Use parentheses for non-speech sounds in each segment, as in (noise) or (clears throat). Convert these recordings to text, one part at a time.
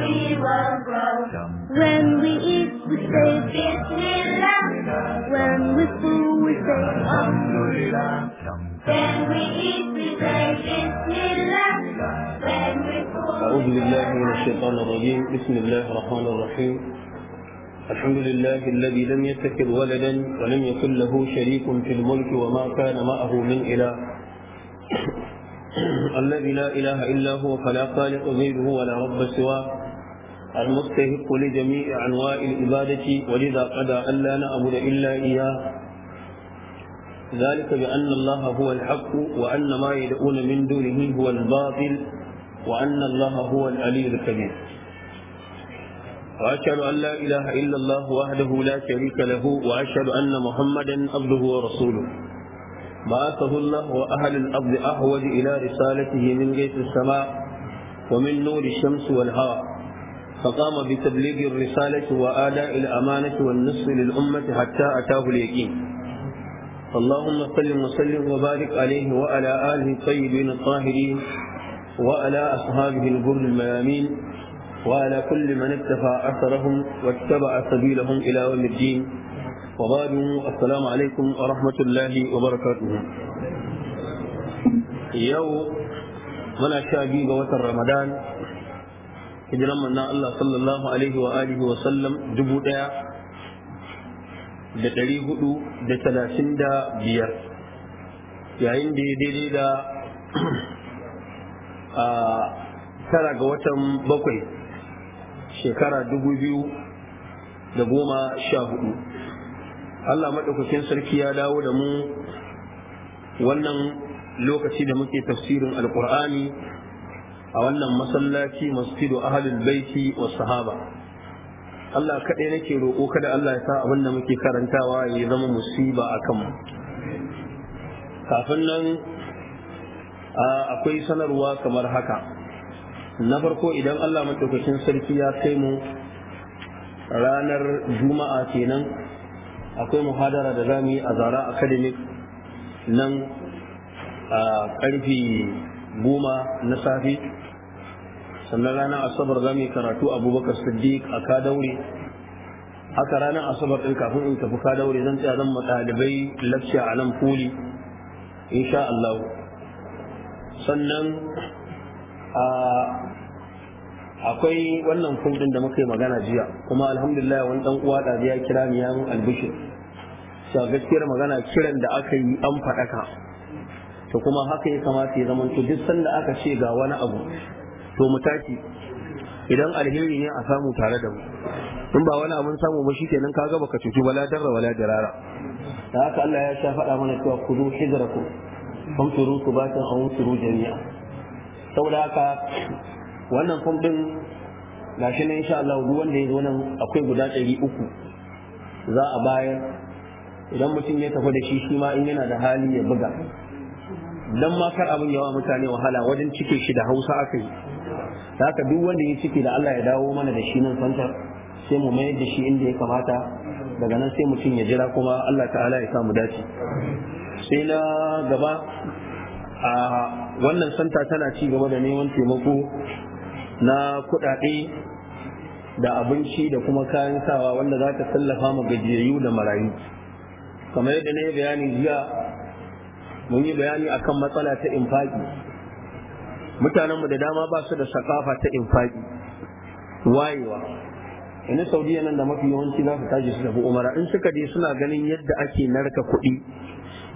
we will grow. When we eat, we say Bismillah. When we fool, we say Alhamdulillah. When we eat, we say Bismillah. When we fool, أعوذ بالله من الشيطان الرجيم بسم الله الرحمن الرحيم الحمد لله الذي لم يتخذ ولدا ولم يكن له شريك في الملك وما كان معه من إله (clears throat) الذي لا إله إلا هو فلا خالق غيره ولا رب سواه المستحق لجميع أنواع العبادة ولذا قضى أن لا نعبد إلا إياه ذلك بأن الله هو الحق وأن ما يدعون من دونه هو الباطل وأن الله هو العلي الكبير وأشهد أن لا إله إلا الله وحده لا شريك له وأشهد أن محمدا عبده ورسوله بعثه الله وأهل الأرض أحوج إلى رسالته من جيش السماء ومن نور الشمس والهواء فقام بتبليغ الرسالة وآداء الأمانة والنصر للأمة حتى أتاه اليقين اللهم صل وسلم وبارك عليه وعلى آله الطيبين الطاهرين وعلى أصحابه الغر الميامين وعلى كل من اتبع أثرهم واتبع سبيلهم إلى يوم الدين وبعد السلام عليكم ورحمة الله وبركاته يوم من شابي وتر رمضان hijiran na Allah sallallahu alaihi wa alihi wa sallam dubu ɗaya da ɗari hudu da talatin da biyar yayin da ya daidai da (clears throat) a tara ga watan bakwai shekara dubu biyu da goma sha hudu Allah maɗaukakin sarki ya dawo da mu wannan lokaci da muke tafsirin alkur'ani a wannan masallaci masjidu ahlul baiti wa sahaba Allah kaɗai nake roƙo kada Allah ya sa abin da muke karantawa ya zama musiba a kanmu kafin nan akwai sanarwa kamar haka na farko idan Allah maɗaukakin sarki ya kai mu ranar juma'a kenan akwai muhadara da zamu yi a zara academic nan a karfi goma na safe sannan ranar asabar za mu yi karatu abubakar siddiq a ka daure haka ranar asabar ɗin kafin in tafi ka daure zan tsaya zan ɗalibai lafciya a nan fuli insha Allah sannan akwai wannan kudin da muka yi magana jiya kuma alhamdulillah wani dan uwa da ya kira ni yayin albishir sa gaskiyar magana kiran da aka yi an faɗaka to kuma haka ya kamata ya zama to duk sanda aka ce ga wani abu to mu tashi idan alheri ne a samu tare da mu in ba wani abin samu ba shikenan kaga baka cutu wala darra wala dirara da haka Allah ya sha faɗa mana cewa ku zu hijrakum famturu subatan aw turu jami'a saboda haka wannan kun din gashi ne insha Allah duk wanda ya zo nan akwai guda ɗari uku za a bayar idan mutum ya tafi da shi shi ma in yana da hali ya buga dan ma kar abin yawa mutane wahala wajen cike shi da Hausa aka yi haka duk wanda ya ciki da Allah ya dawo mana da shi nan santa sai mu mayar da shi inda ya kamata daga nan sai mutum ya jira kuma Allah ta'ala ya samu dace sai na gaba a wannan santa tana ci gaba da neman taimako na kuɗaɗe da abinci da kuma kayan sawa wanda za ta tallafa ma gajiyayyu da marayu kamar yadda na yi bayani jiya mun yi bayani akan matsala ta infaki mutanenmu da dama ba su da sakafa ta infaki wayewa ina saudiya nan da mafi yawanci za su tashi su tafi umara in suka je suna ganin yadda ake narka kuɗi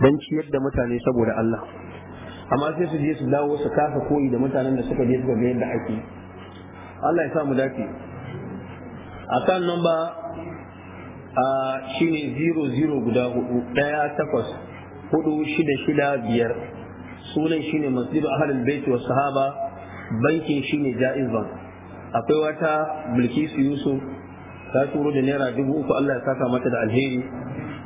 don ciyar da mutane saboda Allah amma sai su je su dawo su kasa koyi da mutanen da suka je suka ga yadda ake Allah ya sa mu dace akan namba a shine 00 guda 1 ɗaya takwas hudu shida shida biyar sunan shine masjid ahlul bait wa sahaba bankin shine jaiz bank akwai wata bilkisu yusuf ta turo da naira dubu uku Allah ya saka mata da alheri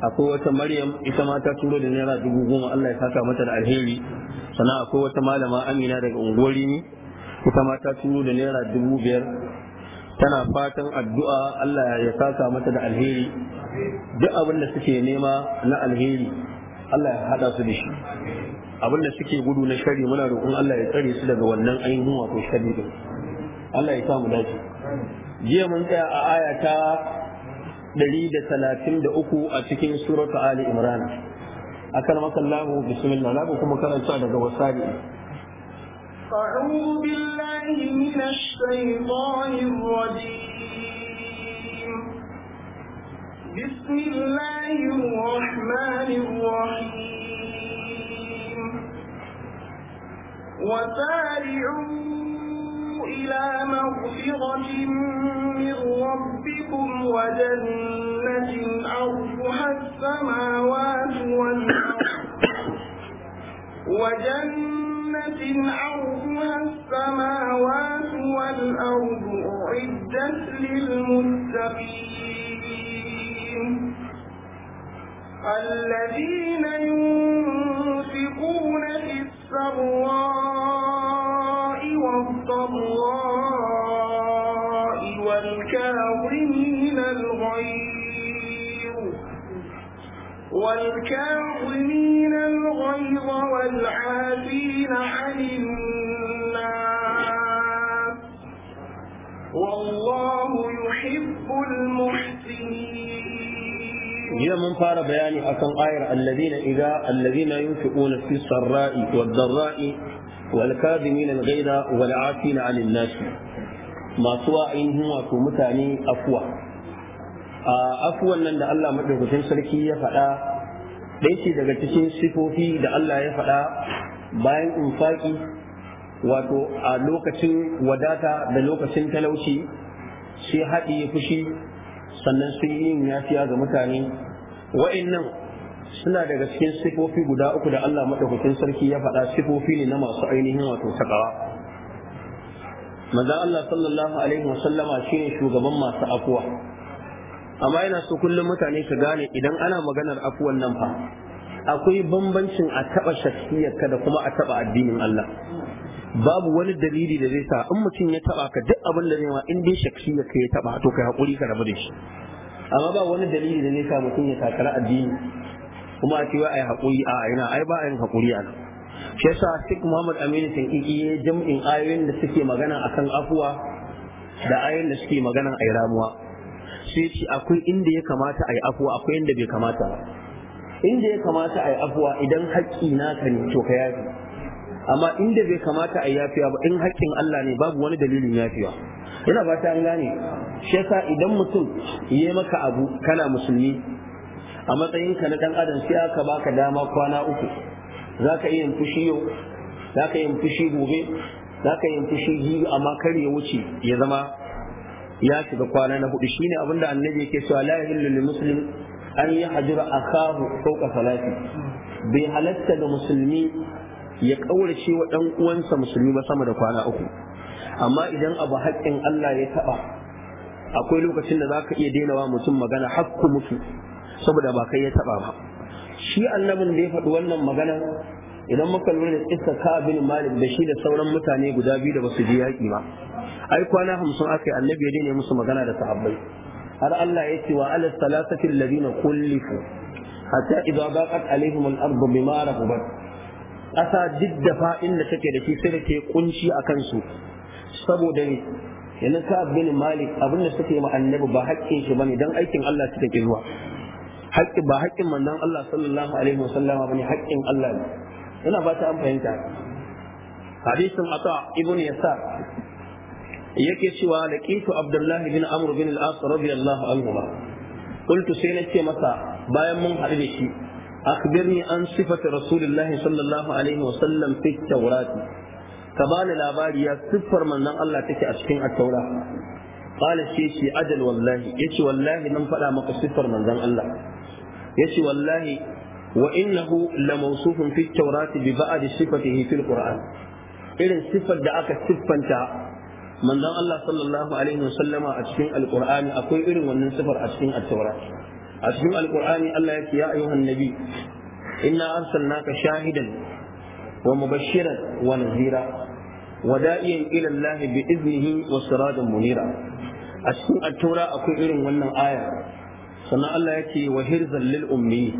akwai wata maryam ita ma ta turo da naira dubu goma Allah ya saka mata da alheri sannan akwai wata malama amina daga unguwar ne ita ma ta turo da naira dubu biyar tana fatan addu'a Allah ya saka mata da alheri duk abin da suke nema na alheri Allah ya hada su da shi abin da suke gudu na shari muna roƙon Allah ya tsare su daga wannan ainihin wato shari din Allah ya samu dace jiya mun tsaya a aya ta 133 a cikin suratu ali imran akan makallahu bismillah labu kuma karanta daga wasari أعوذ بالله من الشيطان الرجيم بسم الله الرحمن الرحيم وسارعوا إلى مغفرة من ربكم وجنة عرفها السماوات والأرض وجنة عرضها السماوات والأرض أعدت للمتقين الذين ينفقون في السراء والضراء والكاظمين الغيظ والكاظمين الغيظ والعافين عن الناس والله يحب المحسنين jiya mun fara bayani akan ayar alladhina idza alladhina yunfiquna fi sarra'i wad dharra'i wal kadhimina al ghayza wal 'afina 'anil nas masu ainihin wato mutane afwa a afwan nan da Allah madaukakin sarki ya faɗa ɗaya ce daga cikin sifofi da Allah ya faɗa bayan infaki wato a lokacin wadata da lokacin talauci sai haɗi ya fushi sannan sai yin yafiya ga mutane wa'annan suna daga cikin sifofi guda uku da Allah madaukakin sarki ya faɗa sifofi ne na masu ainihin wato takawa manzo Allah sallallahu alaihi wasallama shine shugaban masu afuwa amma yana so kullum mutane su gane idan ana maganar afuwan nan fa akwai bambancin a taɓa shakhsiyarka da kuma a taba addinin Allah babu wani dalili da zai sa in mutum ya taba ka duk abin da zai ma in dai ka ya taba to kai haƙuri ka rabu da shi amma ba wani dalili da ne sa mutum ya takara addini kuma a cewa ai haƙuri a ina ai ba yin haƙuri a nan shi yasa Sheikh Muhammad Aminu ki ya jam'in ayoyin da suke magana akan afuwa da ayoyin da suke magana ai ramuwa sai ce akwai inda ya kamata ai afuwa akwai inda bai kamata inda ya kamata ai afuwa idan haƙƙi na-ka ne to ka yafi amma inda bai kamata ai yafiya ba in haƙƙin Allah ne babu wani dalilin yafiya ina ba ta an gane shi yasa idan mutum ya maka abu kana musulmi a matsayinka na dan adam sai aka baka dama kwana uku za ka iya fushi yau za ka yin fushi gobe za ka yin fushi jibi amma kar ya wuce ya zama ya shiga kwana na hudu shine abinda annabi yake cewa la ilaha lil muslim an yahjura akahu fawqa salati bai halatta da musulmi ya kaurace wa dan uwansa musulmi ba sama da kwana uku amma idan abu haƙƙin Allah ya taɓa akwai lokacin da za ka iya daina wa mutum magana hakku mutu saboda ba kai ya taɓa ba shi annabin da ya faɗi wannan magana idan muka lura da tsissa ka bin malik da shi da sauran mutane guda biyu da basu ji yaƙi ba ai kwana hamsin aka yi annabi ya daina musu magana da sahabbai har Allah ya ce wa alas salasatil ladina kullifu hatta idza baqat alaihim al-ardu bima rahabat ƙasa duk da fa'in da take da shi sai da ke kunci a kansu saboda ne yanzu ka bin malik abin da suka yi ma annabi ba haƙƙin shi bane dan aikin Allah suka ke zuwa haƙƙi ba haƙƙin manzon Allah sallallahu alaihi wasallama bane haƙƙin Allah ne ina ba ta an fahimta hadisin ata ibn yasar yake cewa laqitu abdullah bin amr bin al-as radiyallahu anhu ba qultu sai na ce masa bayan mun haɗu da shi akhbirni an sifati rasulillahi sallallahu alaihi wasallam fi tawrati ka bani labari ya siffar manzon Allah take a cikin at-taura qala shi ce ajal wallahi yace wallahi nan faɗa maka siffar manzon Allah yace wallahi wa innahu la mawsufun fi at-taurati bi ba'd sifatihi fil qur'an irin siffar da aka siffanta manzon Allah sallallahu alaihi wasallama a cikin al alqur'ani akwai irin wannan siffar a cikin at-taura a cikin al alqur'ani Allah yake ya ayyuhan nabi inna arsalnaka shahidan wa mubashiran wa nazira wada'iyan ila Allah bi iznihi wa sirajan munira a cikin attura akwai irin wannan aya sannan Allah yake wa hirzan lil ummi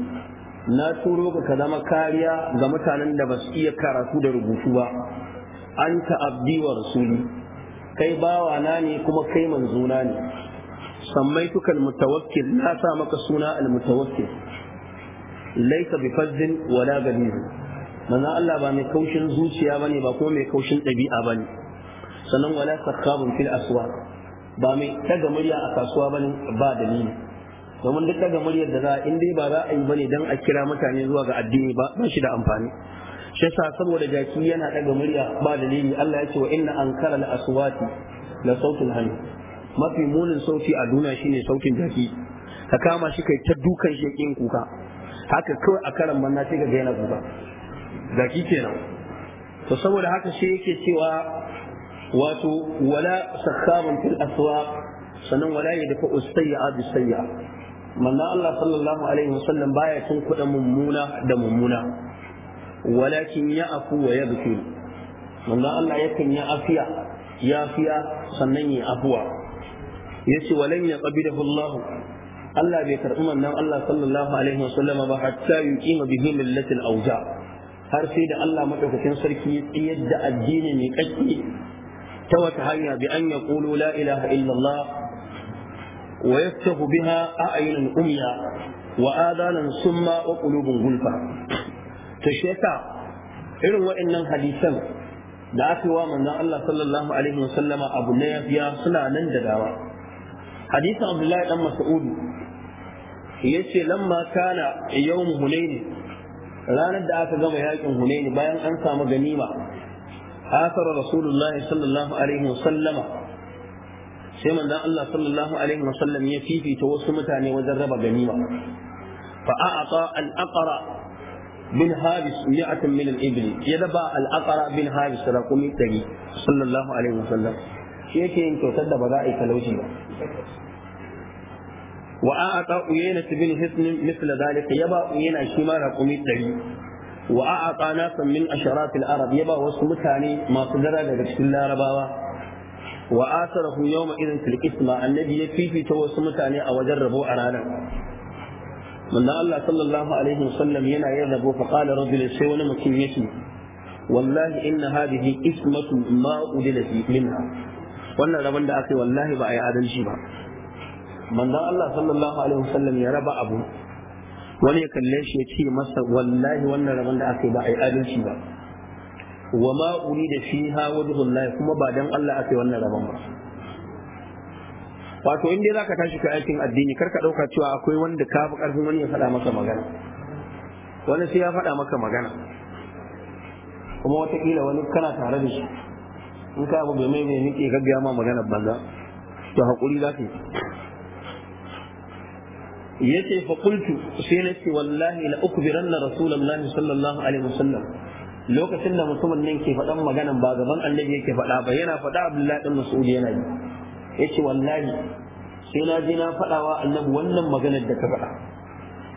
na turo ka ka zama kariya ga mutanen da basu iya karatu da rubutu ba anta abdi wa rasuli kai bawa na ne kuma kai manzona ne Sammaitukan mutawakkil na sa maka suna almutawakkil laysa bifazzin wala ganiz manzon Allah ba mai kaushin zuciya bane ba kuma mai kaushin ɗabi'a bane sannan wala sakhabun fil aswa ba mai daga murya a kasuwa bane ba dalili domin duk daga muryar da za in dai ba za a yi bane dan a kira mutane zuwa ga addini ba ba shi da amfani shi yasa saboda jaki yana daga murya ba dalili Allah ya ce wa inna ankara al aswati la sautul hani mafi munin sauti a duniya shine sautin jaki ka kama shi kai ta dukan shi kuka haka kawai a karan manna sai ga yana kuka zaki kenan to saboda haka shi yake cewa wato wala sakhabun fil aswaq sannan wala yadfa usayya bi sayya manzo Allah sallallahu alaihi wasallam baya cin kuɗa mummuna da mummuna walakin ya afu wa yabki manzo Allah yakan ya afiya ya fiya sannan ya afuwa yace walan ya qabidahu Allah Allah bai karɓi manzon Allah sallallahu alaihi wasallama ba hatta yuqima bihi millatil awja' har sai da Allah madaukakin sarki ya da addini mai kakki ta wata hanya bi an yaqulu la ilaha illallah wa yaftahu biha a'yunan umya wa adanan summa wa qulubun gulfa to sheka irin waɗannan hadisan da aka wa manzon Allah sallallahu alaihi wasallama abu ne yafiya suna nan da dawa hadisin Abdullahi dan Mas'ud yace lamma kana yawm hunayn ranar da aka gama yakin hunaini bayan an samu ganima asara rasulullah sallallahu alaihi wasallama sai manzon Allah sallallahu alaihi wasallam ya fifita wasu mutane wajen raba ganima fa a'ata al-aqra bin habis mi'atan min al-ibl ya daba al-aqra bin habis raqumi 100 sallallahu alaihi wasallam shi yake yin kyautar da ba za a yi talauci ba wa an ata uyayna bin hisn misla zalika yaba ya shi ma raqumi 100 wa a ata nasan min asharat al-arab ba wasu mutane masu dara daga cikin larabawa wa asarahu yawma idin fil isma annabi ya fifita wasu mutane a wajen rabo a ranar manzo Allah sallallahu alaihi wasallam yana yin rabo fa qala rajul sai wani mutum ya ce wallahi inna hadhihi ismatu ma udila fi minha wannan rabon da aka yi wallahi ba a yi adalci ba manzon Allah sallallahu alaihi wasallam ya raba abu wani ya kalle shi ya ce masa wallahi wannan rabon da aka yi ba a yi adalci ba wa ma da urida fiha wajhullahi kuma ba dan Allah aka yi wannan rabon ba wato in dai zaka tashi ka aikin addini kar ka dauka cewa akwai wanda ka fi karfin wani ya faɗa maka magana wani sai ya faɗa maka magana kuma wataƙila wani kana tare da shi in ka abu bai mai mai nike ka biya ma magana banza to haƙuri za ka yi yace fa qultu sai na ce wallahi la ukbiranna rasulullahi sallallahu alaihi wasallam lokacin da mutumin nan ke faɗan maganan ba gaban annabi yake faɗa ba yana faɗa abdullahi dan mas'ud yana yi yace wallahi sai na je na faɗawa annabi wannan maganar da ka faɗa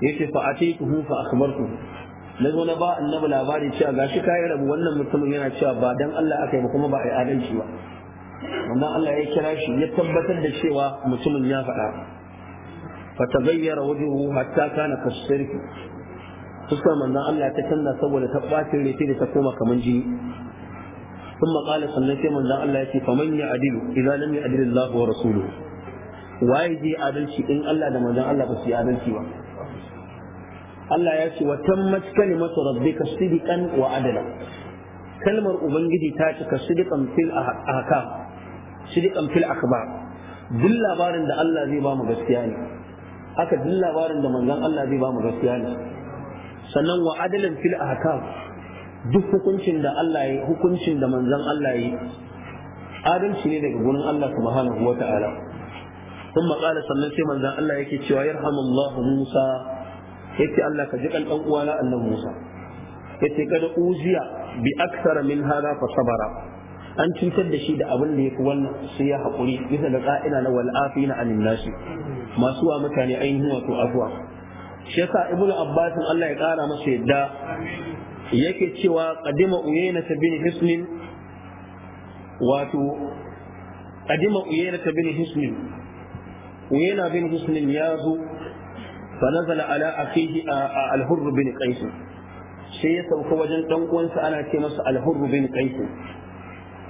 yace fa atituhu fa akhbartu na zo na ba annabi labari cewa gashi kayi rabu wannan mutumin yana cewa ba dan Allah aka yi ba kuma ba a yi adalci ba wannan Allah ya kira shi ya tabbatar da cewa mutumin ya faɗa فتغير وجهه حتى كان كالسرك fuskar manzon Allah ta canza saboda ta ɓacin rete da ta koma kamar jini ثم قال sannan sai manzon Allah ya ce faman ya adilu idan lam ya'dil Allah wa rasuluhu waye je adalci in Allah da manzon Allah ba su yi adalci ba Allah ya ce wa tammat kalimatu rabbika sidqan wa adala kalmar ubangiji ta cika sidqan fil ahkam sidqan fil duk labarin da Allah zai bamu gaskiya ne haka duk labarin da manzon Allah zai ba mu gaskiya ne sannan wa adalan fil ahkam duk hukuncin da Allah yi hukuncin da manzon Allah yi adalci ne daga gurin Allah subhanahu wata'ala sun maƙala sannan sai manzan Allah yake cewa yarhamullahu Musa yace Allah ka ji kan dan uwana annabi Musa yace kada uziya bi aksara min hada fa sabara an cutar da shi da abin da ya fi wannan sai ya haƙuri bisa da ƙa'ina na wal'afi na anin nashi masu wa mutane ainihin wato abuwa shi yasa ibn abbas Allah ya ƙara masa yadda yake cewa qadima uyayna bin hisnin wato qadima uyayna bin hisnin uyayna bin hisnin ya zo fa nazala ala a al-hurr bin qais sai ya sauka wajen ɗan uwansa ana ce masa bin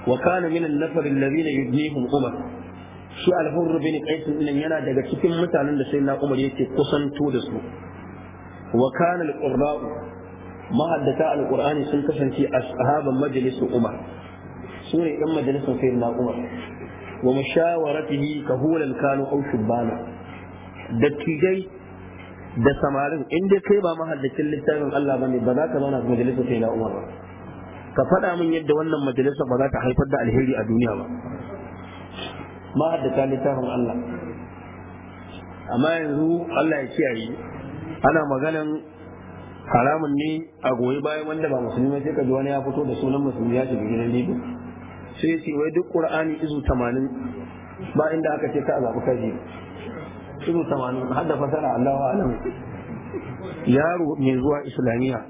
wa kana min an-nafar alladhina yudnihum umar shi al-hurr bin yana daga cikin mutanen da sayyidina umar yake kusanto da su wa kana al mahaddata al-qur'ani sun kasance ashaban majalisu umar su ne dan majalisin sayyidina umar wa mushawaratihi kahulan kanu aw shubbana dattijai da samarin in dai kai ba mahaddacin littafin Allah bane ba za ka zauna a majalisar sai na Umar ba ka faɗa min yadda wannan majalisa ba za ta haifar da alheri a duniya ba ta littafin Allah amma yanzu Allah ya kiyaye ana maganan haramun ne a goyi bayan wanda ba musulmi sai ka ji wani ya fito da sunan musulmi ya shiga gidan lido sai ya ce wai duk qur'ani izu 80 ba inda aka ce ka zabi kaji izu 80 har da fasara Allahu a'lam yaro mai zuwa islamiyya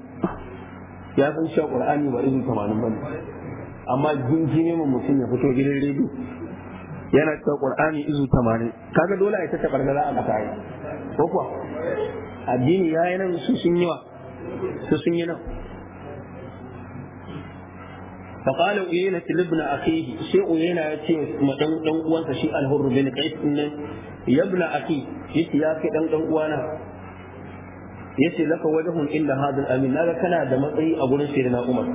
ya san cewa qur'ani ba irin tamanin bane amma jinji ne mun mutum ya fito gidan rediyo yana cewa qur'ani izu tamanin kaga dole a ta tabargala a kasa yi ko kuwa addini ya yi nan su sun yi wa su sun yi nan فقال أيينة لابن أخيه شيء أيينة يتي مدن دن uwansa shi الحر بن قيس إن يا ابن أخي يتي يا كي دن دن uwana yace laka wajhun illa hadal amin naga kana da matsayi a gurin sayyidina Umar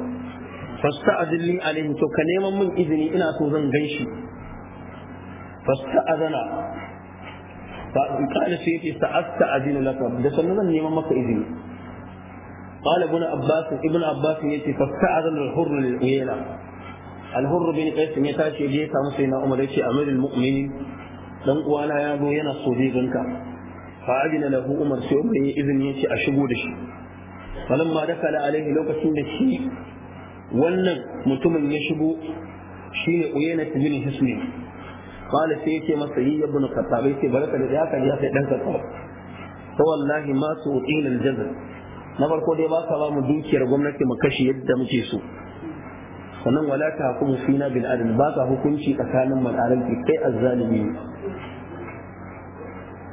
fasta'adin li alaihi to ka neman min izini ina so zan gan shi fasta'adana fa kana sai yace sa'asta'adinu laka da sannan zan neman maka izini قال ابن عباس ابن عباس يتي فاستعذن الحر للعيينة الحر بن قيس يتاشي جيتا مسينا عمر يتي أمير المؤمنين dan uwana ya zo yana so ganka fa ajina lahu umar sai umar yi izini yace a shigo da shi falamma dakala lokacin da shi wannan mutumin ya shigo shine uyena bin hisni qala sai yace masa yi ibn khattab sai baraka da ya kaji sai dan khattab to wallahi ma tu'in al-jazr na farko dai ba ka ba mu dukiyar gwamnati mu kashe yadda muke so sannan wala ta hukumu fina ba ka hukunci tsakanin mal adalci kai azzalimi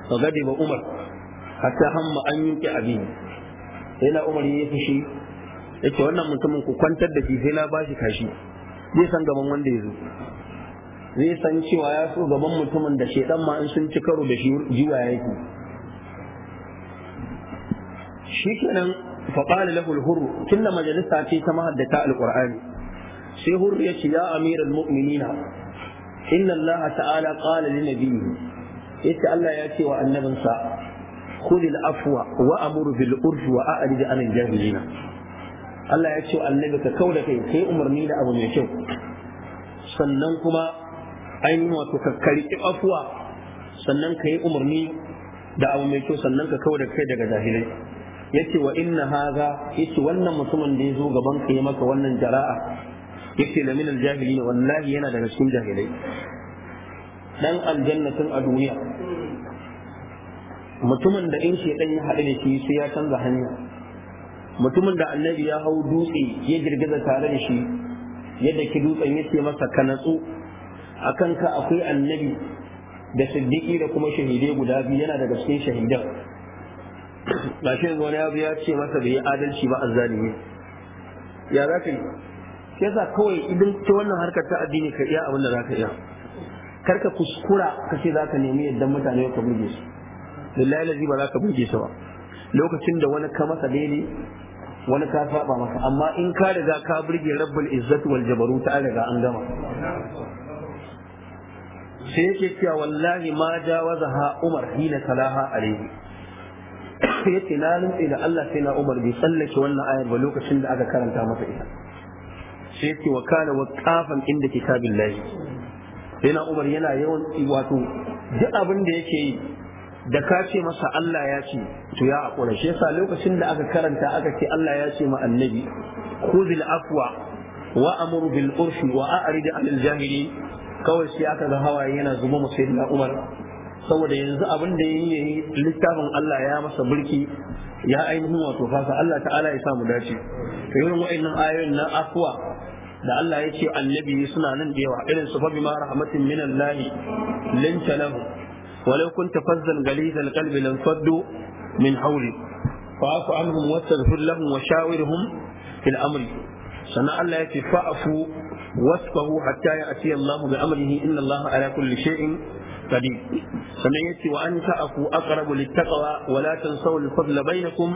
fa ba umar hatta hamma an yunke abin sai na umar ya fushi yace wannan mutumin ku kwantar da shi sai na bashi kashi zai san gaban wanda ya zo zai san cewa ya so gaban mutumin da shedan ma in sun ci karo da shi jiwa yake shikenan fa qala lahu al tun da majalisa ce ta mahaddata al-qur'ani sai ya ce ya amiral mu'minina inna Allah ta'ala qala li nabiyhi yace Allah ya ce wa annabinsa khulil afwa wa amuru bil urfi wa a'rid anil jahilina Allah ya ce wa annabi ka kauda kai kai umarni da abu mai kyau sannan kuma ainihin wato ka karki afwa sannan ka yi umarni da abu mai kyau sannan ka kauda kai daga jahilai yace wa inna hadha yace wannan mutumin da ya zo gaban ka yi maka wannan jara'a yake da minal jahilina wallahi yana daga cikin jahilai dan aljannatin a duniya mutumin da in shedan ya haɗu da shi sai ya canza hanya mutumin da annabi ya hau dutse ya girgiza tare da shi yadda ki dutsen ya ce masa ka natsu a kanka akwai annabi da siddiƙi da kuma shahidai guda biyu yana daga cikin shahidan ba shi wani abu ya ce masa bai yi adalci ba azzalimi ya za ka yi sai kawai idan ta wannan harkar ta addini ka iya abin da za ka iya karka kuskura ka ce za ka nemi yadda mutane ka burge su lillahi lazi ba za ka burge su ba lokacin da wani ka masa daidai wani ka saba masa amma in ka riga ka burge rabbul izzatu wal jabaru ta riga an gama sai yake cewa wallahi ma ha umar hina salaha alaihi (coughs) yace na rantsi da Allah sai na umar bai tsallake wannan ayar ba lokacin da aka karanta masa ita sai yake wa kana kafan inda kitabillahi sai na umar yana yawan wato duk abin da yake yi da ka ce masa Allah ya ce to ya haƙura shi yasa lokacin da aka karanta aka ce Allah ya ce ma annabi khudhil afwa wa amur bil urfi wa a'rid anil jahili kawai sai aka ga hawaye yana zuba mu sayyidina Umar saboda yanzu abin da yayi littafin Allah ya masa birki, ya ainihin wato fasa Allah ta'ala ya samu dace to yawan wa'annan ayoyin na afwa da Allah ya ce annabi suna nan da yawa irin su fa bima rahmatin min Allah lanta lahum walau kunta fazzan ghalizal qalbi lan faddu min hawli fa'fu anhum wastaghfir lahum wa shawirhum fil amri sannan Allah ya ce fa'fu wasfahu hatta ya'ti Allah bi amrihi inna Allah ala kulli shay'in قدير sannan ya ce wa an ta'afu aqrabu littaqwa wa la tansaw al-fadla bainakum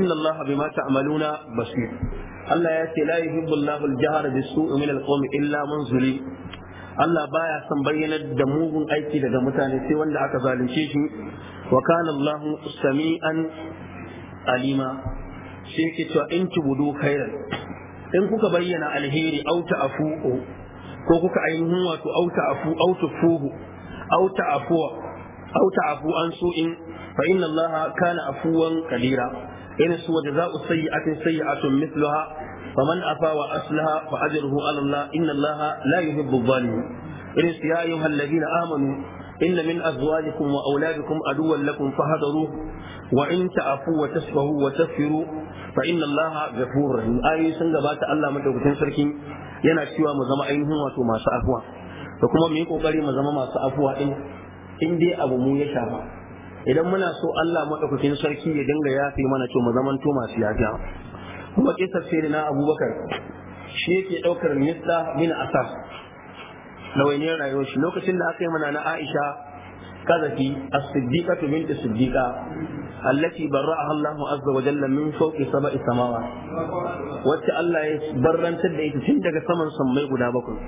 inna Allah bima ta'maluna basir Allah ya ce la yuhibbu Allahu al-jahra bis-su'i min al-qawmi illa man zulim Allah baya son bayyanar da mugun aiki daga mutane sai wanda aka zalunce shi wa kana Allahu sami'an alima sai yake cewa in tubudu khairan in kuka bayyana alheri au ta'fu ko kuka ainihin wato au ta'fu au tufuhu au ta'fuwa ta'fu an su'in fa inna Allah kana afuwan kadira irin su wa jaza'u sayyi'atin sayyi'atun mithluha faman afa wa aslaha fa ajruhu 'ala Allah inna Allah la yuhibbu adh-dhalimin irin su ya ayyuhal ladina amanu إن من أزواجكم وأولادكم عدوا لكم فهدروه وإن تعفوا وتصفحوا وتغفروا فإن الله غفور رحيم آية سنغبات الله مدوكتين سركين yana cewa mu zama ainihin wato masu afuwa da kuma mu yi kokari mu zama masu afuwa in dai abu mu ya shafa idan muna so Allah madaukakin sarki ya dinga yafi mana to mu zaman to masu yafiya kuma kisar sai na Abubakar shi yake daukar Mista bin Asaf ɗawainiyar rayuwar shi lokacin da aka yi mana na Aisha kazafi as-siddiqatu bint siddiqa allati a Allah azza wa jalla min fawqi sab'i samawa wacce Allah ya barrantar da ita tun daga saman sammai guda bakwai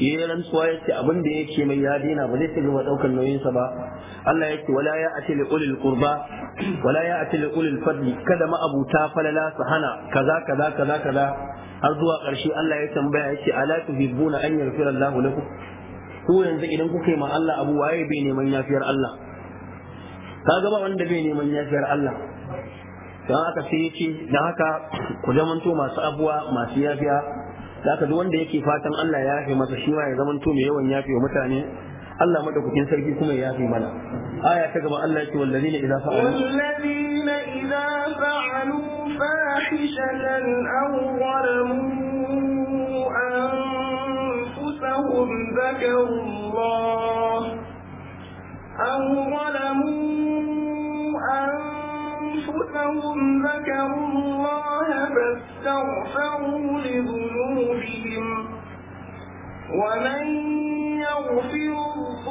yayin rantsuwa yace abin da yake mai ya daina ba zai ci gaba daukar nauyin ba Allah yake wala ya ati li ulil qurba wala ya ati li ulil fadli kada ma abuta falala su hana kaza kaza kaza kaza har zuwa ƙarshe Allah ya tambaya yake ala tuhibbuna an yaghfira Allahu lakum ku yanzu idan kuka yi ma Allah abu waye bai neman yafiyar Allah kaga ba wanda bai neman yafiyar Allah don aka sai yake haka ku zamanto masu abuwa masu yafiya da haka duk wanda yake fatan Allah ya yafe masa shi ma ya zamanto mai yawan yafe wa mutane Allah madaukakin sarki kuma ya yafi mana aya ta gaba Allah yake wallazina idza fa'alu wallazina idza fa'alu fahishatan aw zalamu anfusahum zakaru aw zalamu أنفسهم ذكروا الله فاستغفروا لذنوبهم ومن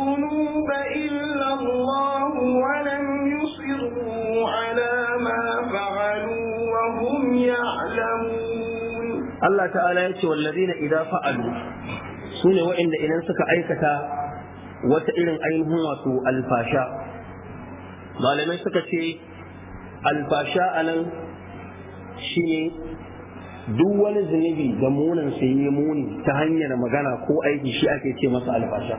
الذنوب إلا الله ولم يصروا على ما فعلوا وهم يعلمون الله تعالى يقول والذين إذا فعلوا سنة وإن إذا سك أيكتا وتئلن أينهم وسوء الفاشا ما لم يسكت الفاشا أنا شيء duk wani zunubi da munin sai yi muni ta hanyar magana ko aiki shi ake ce masa albasha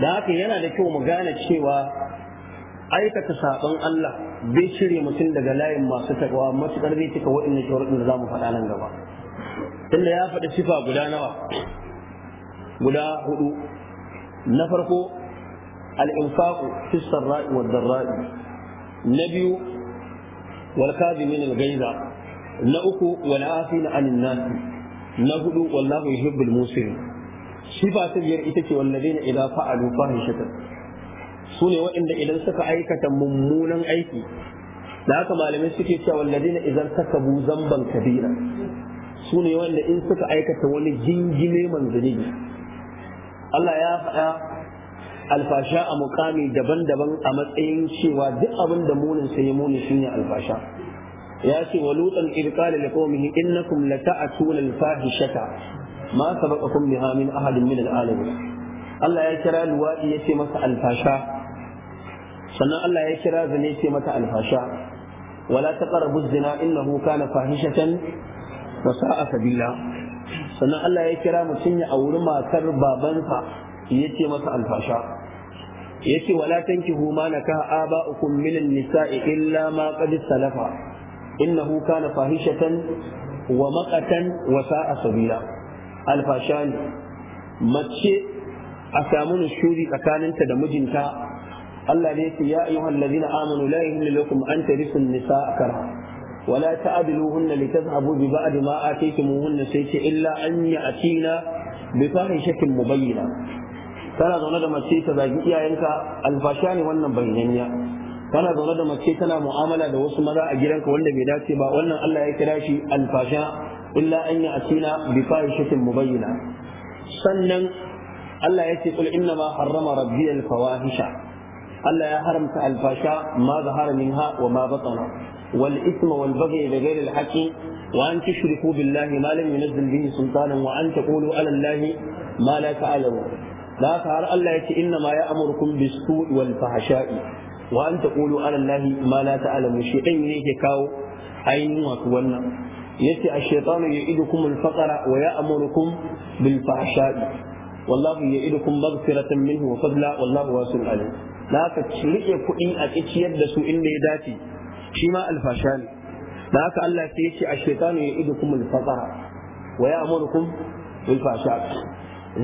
da haka yana da kyau mu gane cewa aikata saɓon Allah bai cire mutum daga layin masu taɓawa, matuƙar zai cika waɗannan shawarɗin da za mu faɗa nan gaba tunda ya faɗi sifa guda nawa guda hudu na farko al'infaƙu fi sarra'i wa darra'i na biyu wal kazimin al-gaiza na uku wal afina anin nasi na hudu wallahu yuhibbul muslimin sifa ta biyar ita ce wallazina idza fa'alu fahishatan su ne waɗanda idan suka aikata mummunan aiki da haka malamai suke cewa wallazina idan takabu zamban kabira su ne waɗanda in suka aikata wani jingime manzanigi Allah ya faɗa alfasha a mukami daban-daban a matsayin cewa duk abin da munin sai munin shine alfasha ya ce wa lutan idqala liqaumihi innakum lata'tuna alfahishata ma sabaqakum biha min ahadin min al'alamin Allah ya kira luwadi yace masa alfasha sannan Allah ya kira zina yace mata alfasha wala taqrabu zina innahu kana fahishatan wa sa'a sabila sannan Allah ya kira mutum ya auri matar babansa yace masa alfasha yace wala tankihu ma nakaha aba'ukum min an-nisa'i illa ma qad salafa innahu kana fahishatan alfasha ne mace a samu nushuri tsakaninta da mijinta Allah ne ce ya ayyuha allazina amanu la yahillu lakum an tarisu nisaa kara wala ta'diluhunna litadhhabu bi ba'di ma ataytumuhunna sai illa an ya'tina bi fahishatin mubayyina Tana zaune da mace ta zagi iyayenka alfasha ne wannan bayyananniya Tana zaune da mace tana mu'amala da wasu maza a gidanka wanda bai dace ba wannan Allah ya kira shi alfasha illa an a bi fahishatin mubayyina sannan Allah ya ce kul inna ma harrama rabbi al fawahisha Allah ya haramta al fasha ma zahara wa ma batana wal ithma wal baghy bi ghairi al haqqi wa an tushriku billahi ma lam yunzil bihi sultanan wa an taqulu ala allahi har Allah ya ce ma ya amurkum bisu ne yake kawo ainihin wasu wannan yace ash-shaytanu ya'idukum al-faqra wa ya'murukum bil fahsha'i wallahu ya'idukum maghfiratan minhu wa fadla wallahu wasi'un alim da haka rike kuɗi a ciyar da su inda ya dace shi ma alfasha ne da haka Allah sai yace ash ya ya'idukum kuma faqra wa ya ya'murukum bil fahsha'i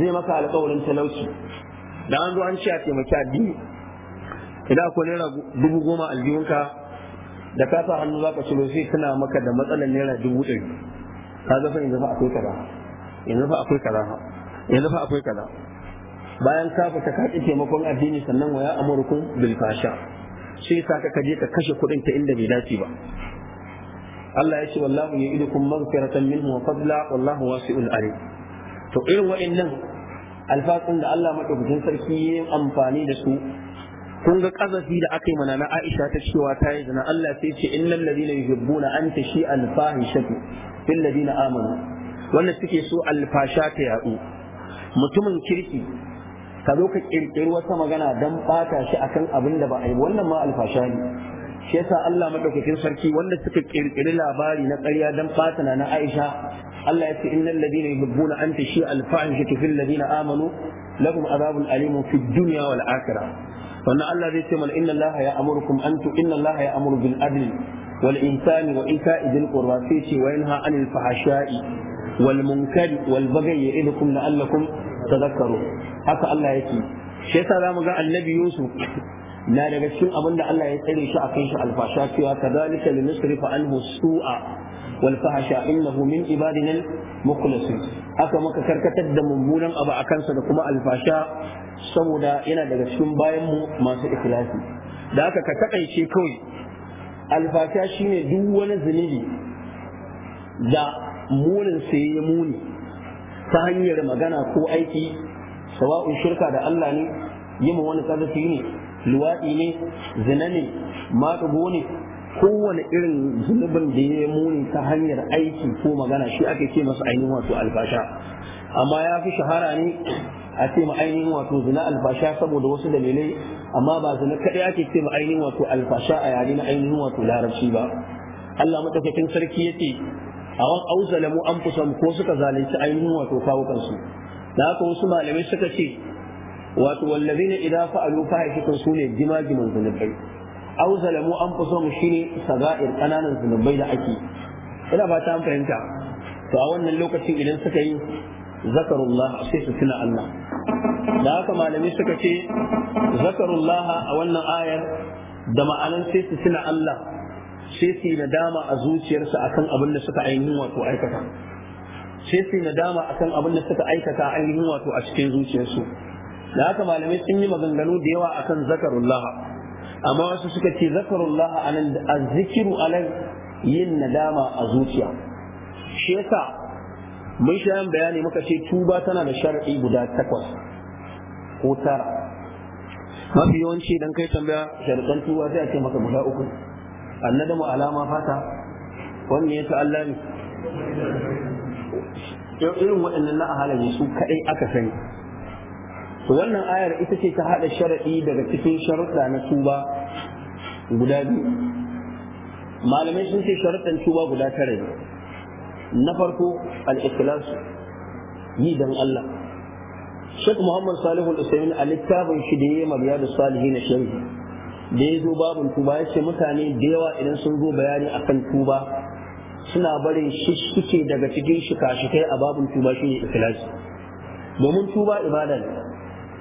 zai maka alƙawarin talauci da an zo an ci a taimaki addini idan akwai naira dubu goma aljihunka da ka sa hannu za ka ciro sai tana maka da matsalar naira dubu ɗari ka ga fa yanzu fa akwai kaza yanzu fa akwai kaza yanzu fa akwai kaza bayan ka fita ka taimakon addini sannan waya amurkun bil fasha sai sa ka kaje ka kashe kuɗin ta inda bai dace ba Allah ya ce wallahu ya'idukum maghfiratan minhu wa fadla wallahu wasi'un alim to irin wa'annan alfatsun da Allah madaukakin sarki ya yi amfani da su kun ga kazafi da aka yi mana na Aisha ta cewa ta yi zina Allah sai ce innal ladina yuhibbuna an tashi al fahishatu fil ladina amanu wanda suke so alfasha ta yadu mutumin kirki ka zo ka kirkiri wata magana dan bata shi akan abin da ba a yi wannan ma alfasha ne shi yasa Allah madaukakin sarki wanda suka kirkiri labari na ƙarya dan bata na Aisha Allah ya ce innal ladina yuhibbuna an tashi al fahishatu fil ladina amanu lahum adhabun alimun fid dunya wal akhirah wannan Allah zai ce mana inna Allah ya amurkum antu inna Allah ya amuru bil adli wal insani wa ita'i dil qurba sai ce wa yanha anil fahasha'i wal munkari wal baghi ya'idukum la'allakum tadhakkaru haka Allah yake shi yasa zamu ga annabi Yusuf na daga cikin abin da Allah ya tsare shi akan shi alfasha cewa kadhalika linusrifa anhu su'a wal fahsha innahu min ibadina al mukhlasin aka muka karkatar da mummunan abu akan sa da kuma alfasha saboda yana daga cikin bayan mu masu ikhlasi da aka ka takaice kawai alfasha shine duk wani zunubi da munin sai ya muni ta hanyar magana ko aiki sawa'un shirka da Allah ne yi ma wani kasafi ne luwaɗi ne zina ne maɗugo ne kowane irin zunubin da ya muni ta hanyar aiki ko magana shi ake ce masa ainihin wato alfasha amma ya fi shahara ne a ce ma ainihin wato zina alfasha saboda wasu dalilai amma ba zina kaɗai ake ce ma ainihin wato alfasha a yare na ainihin wato larabci ba Allah madaukakin sarki yace a wan auzalamu anfusahum ko suka zalunci ainihin wato kawukansu da haka wasu malamai suka ce wato wallazina idza fa'alu fahishatan sune jimajiman zunubai aw zalamu anfusahum shine sagair kananan zunubai da ake ina ba ta fahimta to a wannan lokacin idan suka yi zakarullah sai su tuna Allah da haka malami suka ce zakarullah a wannan ayar da ma'anan sai su tuna Allah sai su yi nadama a zuciyarsa akan abin da suka ainihin wato aikata sai su yi nadama akan abin da suka aikata ainihin wato a cikin zuciyarsu da haka malamai sun yi maganganu da yawa akan zakarullah amma wasu suka ce zakarullah anan da azzikiru alai yin nadama a zuciya shi yasa mun sha 'yan bayani muka ce tuba tana da shar'i guda takwas ko tara mafi yawanci dan kai tambaya sharuɗan tuba sai a ce maka guda uku annadamu alama fata wannan ya Allah ne irin waɗannan na ahalabi su kaɗai aka sani to wannan ayar ita ce ta haɗa sharaɗi daga cikin sharuɗa na tuba guda biyu malamai sun ce sharuɗan tuba guda tara ne na farko al yi dan Allah Sheikh Muhammad Salihu Al-Usaimin a littafin shi da ya Maryadu Salihin Sharhi da ya zo babin tuba ya ce mutane da yawa idan sun zo bayani akan tuba suna barin shi suke daga cikin shika-shikai a babin tuba shi ne domin tuba ibada ne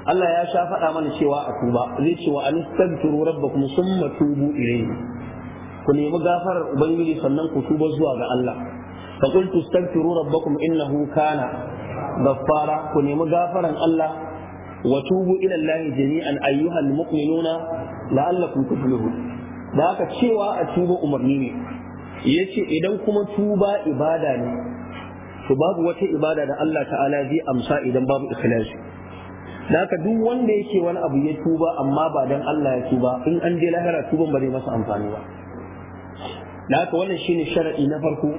Allah ya sha faɗa mana cewa a tuba zai ce wa anistaghfiru rabbakum summa tubu ilayhi ku nemi gafarar ubangiji sannan ku tuba zuwa ga Allah fa qultu astaghfiru rabbakum innahu kana ghaffara ku nemi gafaran Allah wa tubu ila jami'an ayyuhal mu'minuna la'allakum tuflihun da aka cewa a tuba umarni ne yace idan kuma tuba ibada ne to babu wata ibada da Allah ta'ala zai amsa idan babu ikhlasi da aka duk wanda yake wani abu ya tuba amma ba dan Allah ya tuba in an je lahara tuban ba zai masa amfani ba da aka wannan shine sharadi na farko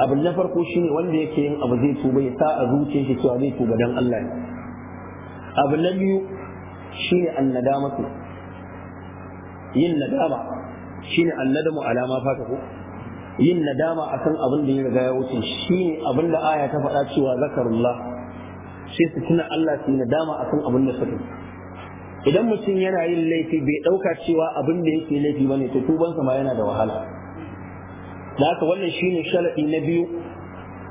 abu na farko shine wanda yake yin abu zai tuba ya sa a zuciyar shi cewa zai tuba don Allah ne abu na biyu shine annadamatu yin nadama shine annadamu alama fata ko yin nadama akan abin da ya riga ya wuce shine abin da aya ta faɗa cewa zakarullah sai su tuna Allah su yi nadama akan abin da suka idan mutum yana yin laifi bai ɗauka cewa abin da yake laifi ba ne to tubansa ma yana da wahala da haka wannan shi ne sharadi na biyu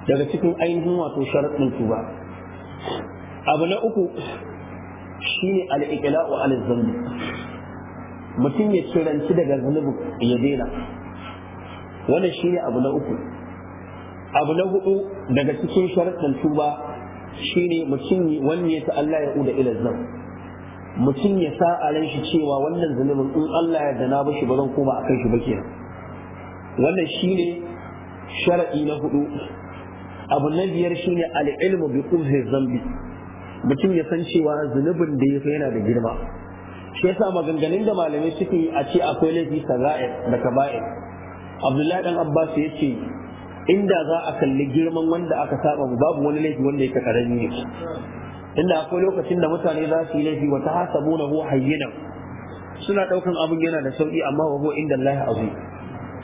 daga cikin ainihin wato sharadin tuba abu na uku shine al-iqla'u wa zambi mutum ya kiranci daga zunubi ya daina wannan ne abu na uku abu na hudu daga cikin sharadin tuba shi ne mutum wanne ya ta Allah ya uda ila zam mutum ya sa a ran shi cewa wannan zunubin in Allah ya dana ba shi ba zan koma a akan shi ba kenan wannan shine shar'i na hudu abu na biyar shine al-ilmu bi qubhi zambi mutum ya san cewa zunubin da yake yana da girma shi yasa maganganun da malamai suke a ce akwai laifi sara'ir da kaba'ir abdullahi dan abbas ya ce inda za a kalli girman wanda aka saba babu wani laifi wanda yake karami ne inda akwai lokacin da mutane za su yi laifi wa na hu hayyinan suna daukan abin yana da sauki amma wa huwa inda Allah azim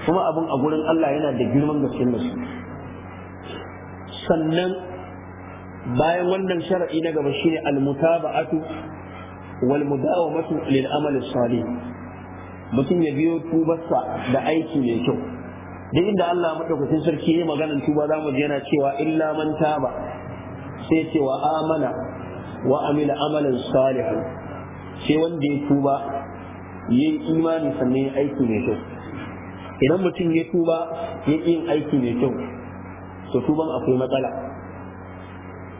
kuma abin a gurin Allah yana da girman gaskiyar da sannan bayan wannan shara'i na gaba shine almutaba'atu wal mudawamatu lil amali salih mutum ya biyo tubarsa da aiki mai kyau duk inda Allah madaukakin sarki ya maganar tuba za mu ji yana cewa illa man taba sai cewa amana wa amila amalan salihan sai wanda ya tuba yin imani sannan aiki mai kyau idan mutum ya tuba ya yin aiki mai kyau to tuban akwai matsala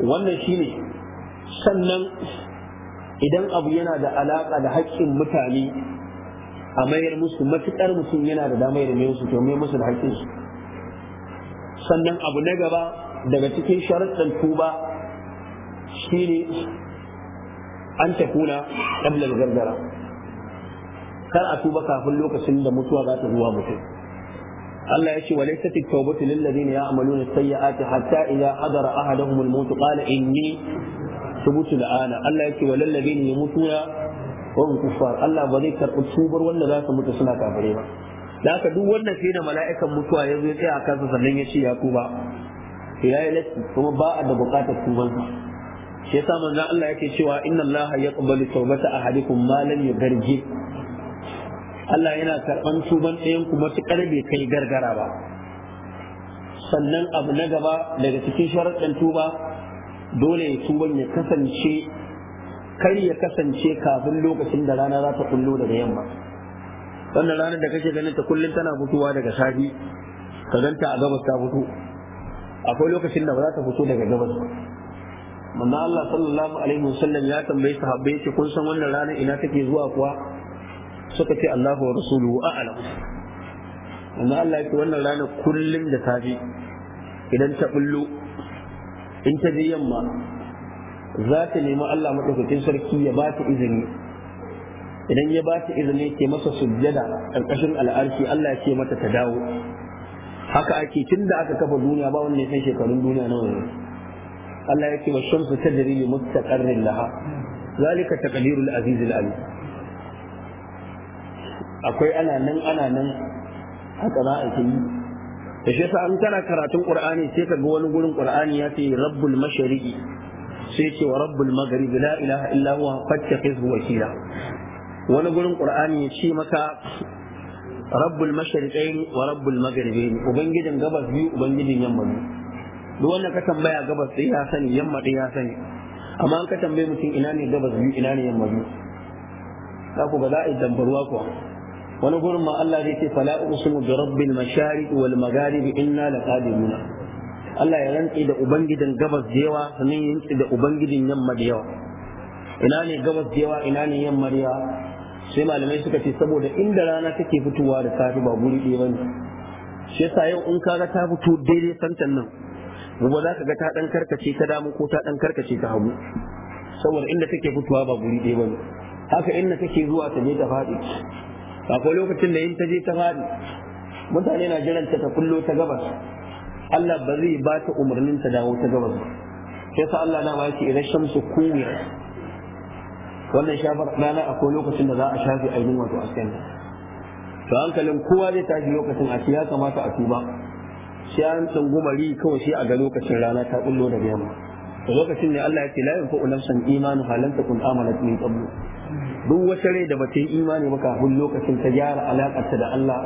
wannan shine sannan idan abu yana da alaƙa da haƙƙin mutane a mayar musu matuƙar mutum yana da damar da musu to mai musu da haƙƙinsu sannan abu na gaba daga cikin sharaɗin tuba shine an tafuna ƙablar gargara kar a tuba kafin lokacin da mutuwa za ta zuwa mutum Allah ya ce wa laysat at-tawbatu lil ladina ya'maluna as-sayyi'ati hatta idza hadara ahaduhum al-maut qala inni tubtu al-ana Allah ya ce wa lil ladina yamutuna wa hum kuffar Allah ba zai karɓi tubar wanda za su mutu suna kafare ba da haka duk wannan sai da mala'ikan mutuwa ya zo ya tsaya a kansa sannan ya ce ya tuba ya yi latti kuma ba a da buƙatar tubansa shi yasa manzo Allah yake cewa inna Allah yaqbalu tawbata ahadikum ma lam yugarji Allah yana karɓan tuban ɗayan ku matuƙar bai kai gargara ba sannan abu na gaba daga cikin sharaɗin tuba dole ya tuban ya kasance kar ya kasance kafin lokacin da rana za ta kullo daga yamma wannan ranar da kake ganin ta kullum tana fitowa daga safi ka ganta a gabas ta fito akwai lokacin da ba za ta fito daga gabas ba manzo Allah sallallahu alaihi wasallam ya tambayi sahabbai ce kun san wannan rana ina take zuwa kuwa suka ce Allahu wa rasuluhu a'lam amma Allah ya ce wannan ranar kullum da safe idan ta bullo in ta je yamma za ta nemi Allah madaukakin sarki ya ba ta izini idan ya ba ta izini ke masa sujjada ƙarƙashin al'arshi Allah ya ce mata ta dawo haka ake tun da aka kafa duniya ba wanda ya san shekarun duniya nawa ne Allah ya ce wa shamsu tajri mustaqarrin laha zalika taqdirul azizul alim akwai ana nan ana nan haka za a yi da shi sa an kana karatun qur'ani sai ka ga wani gurin qur'ani ya ce rabbul mashriqi sai ce wa rabbul maghrib la ilaha illa huwa fattakhidhu wakila wani gurin qur'ani ya ce maka rabbul mashariqain wa rabbul maghribain ubangijin gabas biyu ubangijin yamma biyu duk wanda ka tambaya gabas sai ya sani yamma ɗin ya sani amma an ka tambaye mutum ina ne gabas biyu ina ne yamma biyu za ku ba za a yi dambarwa kuwa wani gurin ma Allah zai ce fala uqsimu bi rabbil mashariq wal magharib inna laqadimun Allah ya rantsi da ubangidan gabas da yawa sannan ya rantsi da ubangijin yamma da yawa ina ne gabas da yawa ina ne yamma da yawa sai malamai suka ce saboda inda rana take fitowa da safe ba guri ɗaya bane shi yasa yau in kaga ta fito daidai santan nan gobe za ka ga ta ɗan karkace ta damu ko ta ɗan karkace ta hagu saboda inda take fitowa ba guri ɗaya bane haka inda take zuwa ta je ta faɗi akwai lokacin da in ta je ta faɗi mutane na jiran ta kullo ta gabas Allah ba zai ba ta umarnin ta dawo ta gabas ba sai sa Allah na ba shi idan shamsu kuwiya wannan shafar rana akwai lokacin da za a shafi ainihin wato asken to hankalin kowa zai tashi lokacin a ya kamata a tuba sai an tsungumari kawai sai a ga lokacin rana ta kullo da yamma lokacin ne Allah ya ce la yanfa'u nafsan imanu halan takun amalat min qablu duk wata rai da bata yi imani maka kafin lokacin ta gyara alaƙarta da Allah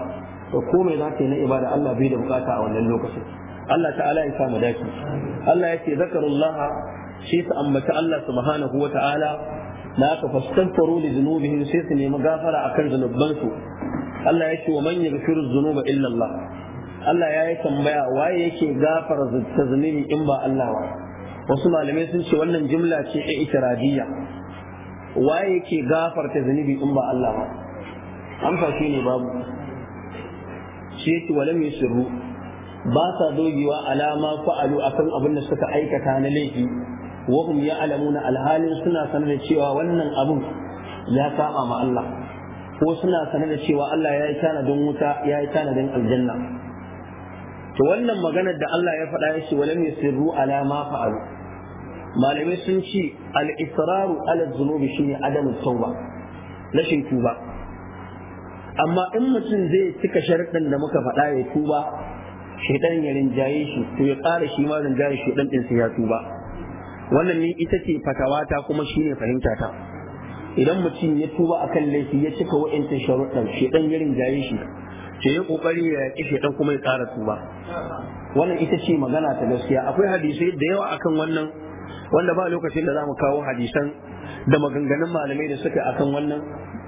to komai za ta yi na ibada Allah bai da bukata a wannan lokacin Allah ta'ala ya samu dace Allah ya ce zakarullah shi su ambata Allah subhanahu wa ta'ala na aka fastantaru li zunubihim sai su nemi gafara akan zunubansu Allah ya ce wa man yaghfiru dhunuba illa Allah Allah ya yi tambaya waye yake gafara zunubi in ba Allah ba wasu malamai sun ce wannan jumla ce a itiradiyya waye yake gafarta zunubi in ba Allah ba amsa ne babu shi yake mai sirru. ba sa dogewa alama fa'alu akan abin da suka aikata na laifi wa hum ya'lamuna alhalin suna sanar cewa wannan abun ya saba ma Allah ko suna sanar da cewa Allah ya yi tanadin wuta ya yi tanadin aljanna to wannan maganar da Allah ya faɗa ya ce mai sirru alama fa'alu malamai sun ce al’isararu israru ala zunubi shine adamu tauba rashin tuba amma in mutum zai cika sharaɗin da muka faɗa ya tuba shaidan ya rinjaye shi to ya ƙara shi ma rinjaye ɗan ɗin sai ya tuba wannan ne ita ce fatawata kuma ne fahimta ta idan mutum ya tuba a kan laifi ya cika wa'ancan shi shaidan ya rinjaye shi ce ya ƙoƙari ya yaƙi shaidan kuma ya ƙara tuba wannan ita ce magana ta gaskiya akwai hadisai da yawa akan wannan wanda ba lokacin da za mu kawo hadisan da maganganun malamai da suka akan wannan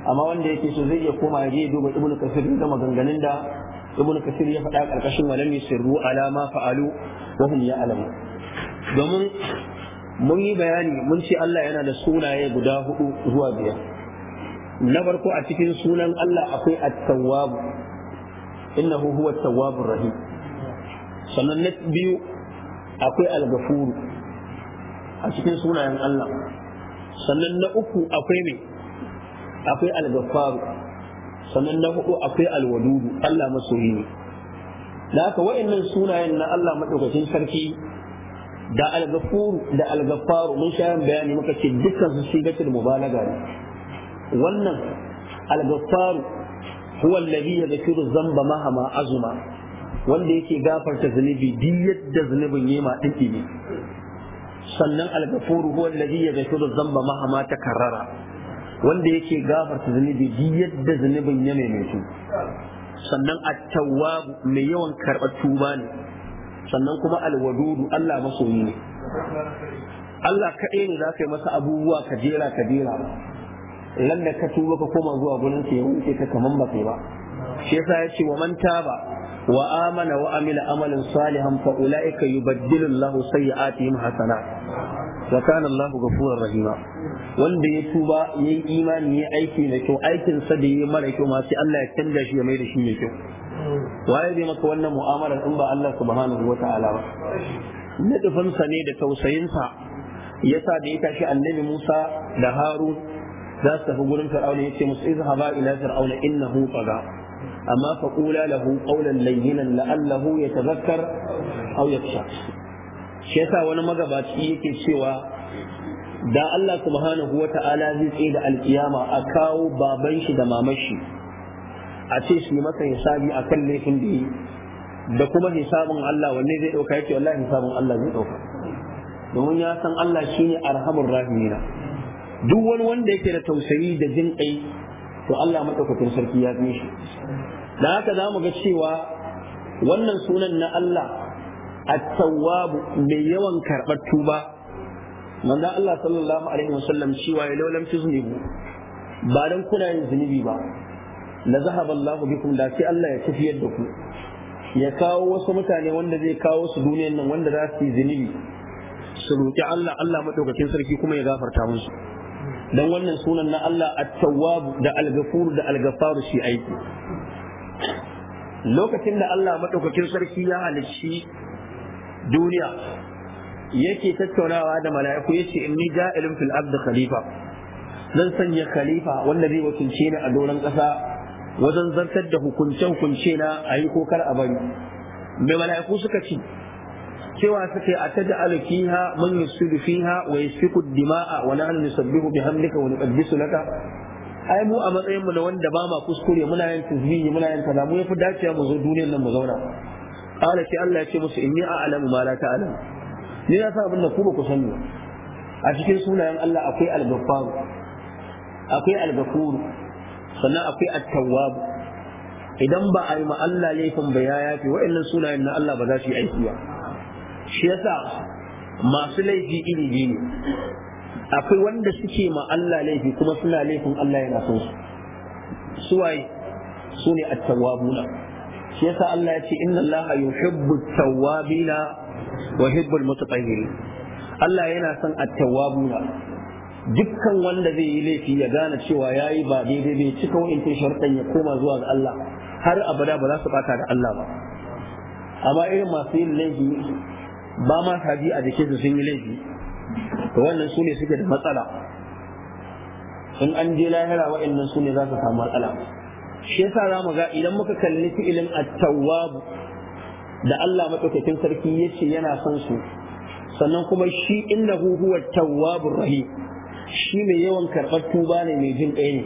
amma wanda yake so zai iya koma ya duba ibnu kasir da maganganun da ibnu kasir ya faɗa karkashin walami yusirru ala ma fa'alu wa hum ya'lamu domin mun yi bayani mun ce Allah yana da sunaye guda hudu zuwa biyar na farko a cikin sunan Allah akwai at-tawwab innahu huwa at-tawwabur rahim sannan na biyu akwai al-ghafur a cikin sunayen Allah sannan na uku akwai me akwai al sannan na hudu akwai AlWadudu Allah masoyi ne da haka wa'annan sunayen na Allah madaukakin sarki da al da al mun sha bayani muka ce dukkan su sigatul mubalaga ne wannan al-gaffaru huwa alladhi yadhkuru dhanba mahama azuma wanda yake gafarta zunubi duk yadda zunubin yema dinki ne sannan al-ghafuru huwa alladhi yaghfiru dhanba ma takarrara wanda yake gafarta zunubi duk yadda zunubin ya maimaitu sannan at-tawwab mai yawan karɓar tuba ne sannan kuma al-wadudu Allah masoyi ne Allah kaɗai ne za ka yi masa abubuwa ka jera ka jera nan da ka tuba ka koma zuwa gurin ya wuce ka kaman ba kai ba shi yasa ya ce wa man taba wa amana wa amila amalan salihan fa ulaika yubaddilu sai ya hasanat wa kana Allahu rahima wanda ya tuba yayi imani yayi aiki da kyau aikin sa da yayi mara kyau masu Allah ya canza shi ya mai da shi mai kyau waye zai maka wannan mu'amala in ba Allah subhanahu wa ta'ala ba nadufansa ne da tausayinsa yasa da ya tashi annabi Musa da Harun za su tafi gurin Fir'auna yace musu izhaba ila Fir'auna innahu tagha amma fa qula lahu qawlan layyinan la'allahu yatadhakkar aw yakhsha shi yasa wani magabaci yake cewa da Allah subhanahu wa ta'ala zai tsaye da alkiyama a kawo baban shi da maman shi a ce shi masa hisabi a kan laifin da yi da kuma hisabin Allah wanne zai ɗauka yake wallahi hisabin Allah zai ɗauka domin ya san Allah shi ne arhamur rahimina duk wani wanda yake da tausayi da jin to Allah maɗaukakin sarki ya fi shi da haka za mu ga cewa wannan sunan na Allah a tawwab mai yawan karɓar tuba manzo Allah sallallahu alaihi wasallam cewa ya laulam tuznibu ba dan kuna yin zunubi ba la zahaba Allahu bikum da sai Allah ya tafiyar da ku ya kawo wasu mutane wanda zai kawo su duniyan nan wanda za su yi zunubi su roƙi Allah Allah madaukakin sarki kuma ya gafarta musu dan wannan sunan na Allah at-tawwab da al-ghafur da al-ghaffar shi aiki lokacin da Allah maɗaukakin sarki ya halicci duniya yake tattaunawa da mala'iku yace inni ja'ilun fil da khalifa zan sanya khalifa wanda zai wakilce ni a doron ƙasa wajen zartar da hukunce hukunce na ayi ko kar a bari mai mala'iku suka ce cewa suke a ta ja'alu fiha man yusidu fiha wa yasfiku dima'a wa nahnu nusabbihu bihamdika wa nuqaddisu laka ai mu a matsayin mu na wanda ba ma kuskure muna yin tasbihi muna yin kaza mu yafi dacewa mu zo duniyar nan mu zauna ala ce Allah ya ce musu inni a'lamu ma la ta'lam ni na sa abin da ku ba ku sani a cikin sunayen Allah akwai al-ghaffar akwai al-ghafur sannan akwai at-tawwab idan ba a yi ma Allah laifin ba ya yafi wa'annan sunayen na Allah ba za su yi aiki ba shi yasa masu laifi iri biyu ne akwai wanda suke ma Allah laifi kuma suna laifin Allah yana son su Su waye su ne at-tawwabuna shi yasa Allah ya ce inna Allah yuhibbu at-tawwabina wa yuhibbu al-mutatahhirin Allah yana son at-tawwabuna dukkan wanda zai yi laifi ya gane cewa yayi ba daidai bai cika wa'intin shartan ya koma zuwa ga Allah har abada ba za su bata da Allah ba amma irin masu yin laifi ba ma sabi a jikinsu sun yi laifi to wannan su ne suke da matsala in an je lahira wa'annan su ne za su samu matsala shi yasa za mu ga idan muka kalli fi'ilin at-tawwab da Allah madaukakin sarki yace yana son su sannan kuma shi innahu huwa at-tawwabur rahim shi mai yawan karɓar tuba ne mai jin ɗaya ne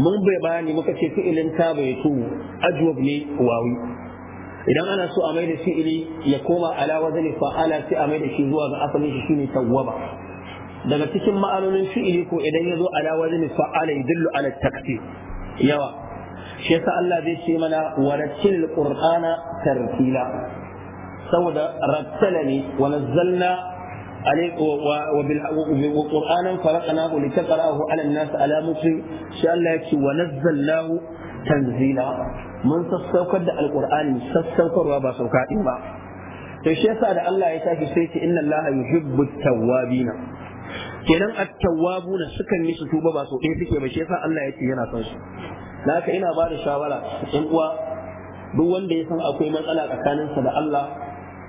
mun bai bayani muka ce fi'ilin ta bai ajwab ne wawi idan ana so a mai da fi'ili ya koma ala wazani fa'ala sai a mai da shi zuwa ga asalin shi shine tawwaba daga cikin ma'anonin fi'ili ko idan ya zo ala wazani fa'ala yadullu ala taksir yawa shi yasa Allah zai ce mana warattil qur'ana tartila saboda rattala ne wa nazzalna وقرآنا فرقناه لتقرأه على الناس على مصر شاء الله ونزلناه تنزيلا من سسوكر القرآن سسوكر وابا سوكائي to shi yasa da Allah ya tashi sai ce inna Allah yuhibbu kenan at-tawwabuna sukan yi su tuba ba so ɗaya suke ba shi yasa Allah ya ce yana son su Na haka ina ba da shawara in uwa duk wanda ya san akwai matsala tsakaninsa da Allah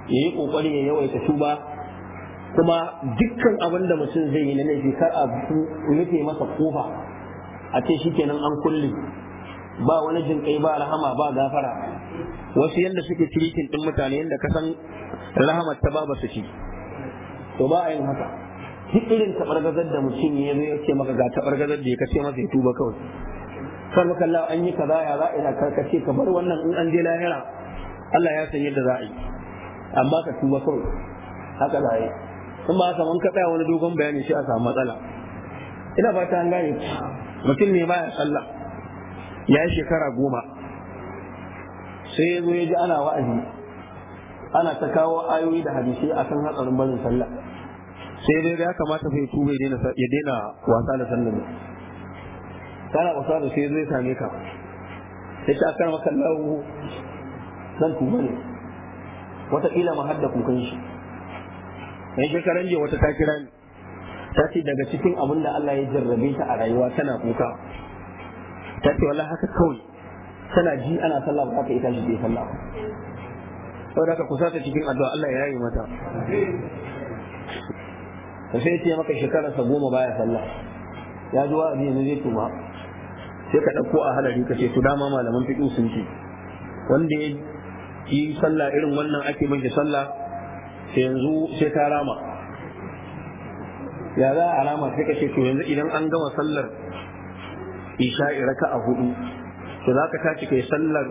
ya yi kokari ya yawaita tuba kuma dukkan abin da mutum zai yi na laifi kar a rufe masa kofa a ce shikenan an kulle ba wani kai ba rahama ba gafara wasu yadda suke tirikin din mutane yadda ka san rahamar ta ba su ci to ba a yin haka duk irin tabargazar da mutum ya zo yake maka ga tabargazar da ya kace masa ya tuba kawai kar maka Allah an yi kaza ya a na karkace ka bar wannan in an je lahira Allah ya san yadda yi amma ka tuba kawai haka yi. in ba haka mun wani dogon bayani shi a samu matsala ina ba an gane mutum ne baya sallah ya yi shekara goma sai ya zo ya ji ana wa'azi ana ta kawo ayoyi da hadisi akan hatsarin barin sallah sai dai ya kamata sai ya tuba ya daina wasa da sallah ne kana wasa da sai zai same ka sai ta akar maka lawo zan tuba ne wataƙila ma hadda kukan shi in karan je wata ta kira ni ta ce daga cikin abin da Allah ya jarrabe ta a rayuwa tana kuka ta ce wallahi haka kawai tana ji ana sallah ba ta ita shi ke sallah Sau da ka kusa ta cikin addu'a Allah ya yi mata ta sai ce maka shekarar sa goma baya sallah ya zuwa a ne zai tuma. sai ka ɗauko a halari ka ce to dama malaman fiƙin sun ce wanda ya yi sallah irin wannan ake mai sallah yanzu sai ta rama ya za a rama sai ka ce to yanzu idan an gama sallar isha'i raka a hudu to za ka tashi kai sallar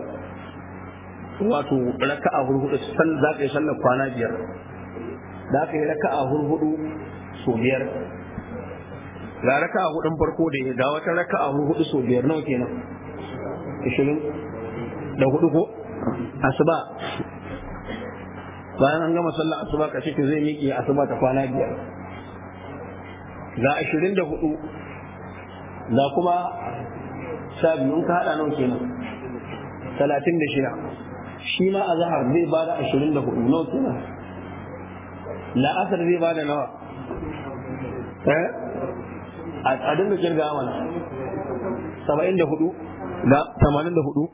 wato raka a hudu za ka yi sallar kwana biyar za ka yi raka a hudu so biyar ga raka a hudun farko da ga wata raka a hudu so biyar nawa kenan ishirin da hudu ko asuba bayan an gama sallar asuba ka ce zai miƙe asuba ta kwana biyar ga ashirin da hudu ga kuma sha biyu ka haɗa nawa kenan talatin da shida shi ma a zahar zai ba da ashirin da hudu nawa kenan la'asar zai ba da nawa eh a dinga kirga mana saba'in da hudu da tamanin da hudu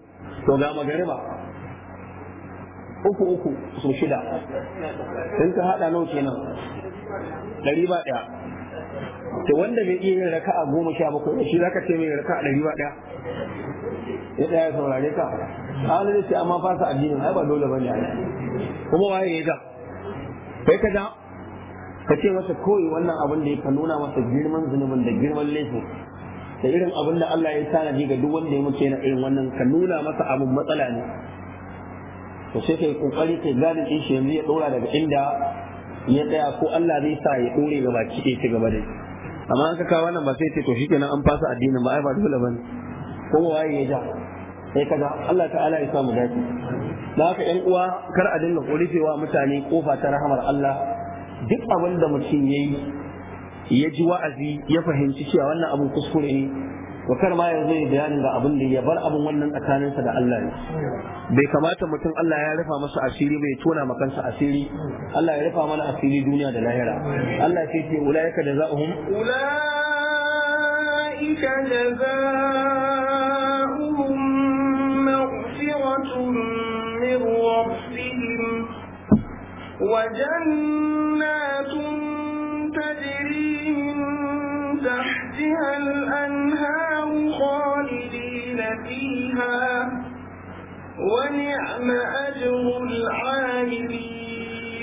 to ga magariba uku uku su shida in ka haɗa nawa kenan ɗari ba ɗaya to wanda bai iya yin raka'a goma sha bakwai shi zaka ce mai raka'a ɗari ba ɗaya ya ɗaya ya saurare ka an zai ce amma fasa addinin ai ba dole ba ne kuma waye ya ga kai ka da ka ce masa kawai wannan abin da ya nuna masa girman zunubin da girman laifin da irin abin da Allah ya tanadi ga duk wanda ya mutu yana irin wannan ka nuna masa abin matsala ne to ka yi kokari kai gane din shi yanzu ya dora daga inda ya tsaya ko Allah zai sa ya dore gaba ki ɗaya ci gaba da amma an kaka wannan ba sai ce to shikenan an fasa addinin ba ai ba dole bane ko waye ya ja sai kaga Allah ta'ala ya samu dace da haka ƴan uwa kar a dinga cewa mutane kofa ta rahamar Allah duk abin da mutum yayi ya ji wa'azi ya fahimci cewa wannan abu kuskure ne to kar ma yanzu ya bayanin ga abin da ya bar abin wannan tsakaninsa da Allah ne bai kamata mutum Allah ya rufa masa asiri bai tona ma kansa asiri Allah ya rufa mana asiri duniya da lahira Allah ya ce ulaika jazaohum ulaika jazaohum maghfiratun min rabbihim wa jannatun tajri min tahtiha al-anhar فيها ونعم أجر العاملين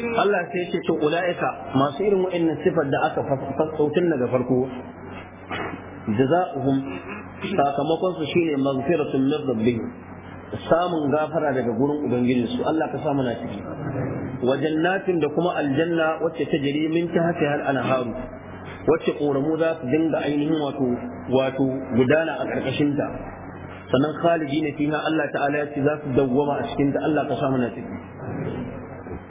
Allah sai ce to ula'ika masu irin wa'annan sifar da aka fasautun daga farko jaza'uhum sakamakon su shine maghfiratun min rabbihim samun gafara daga gurin ubangiji su Allah ka ciki wa jannatin da kuma aljanna wacce ta jiri min ta haka hal anharu wacce koramu za su dinga ainihin wato wato gudana a karkashin ta sannan khalidi ne fiha Allah ta'ala ya ce za su dawwama a cikin da Allah ka samu na ciki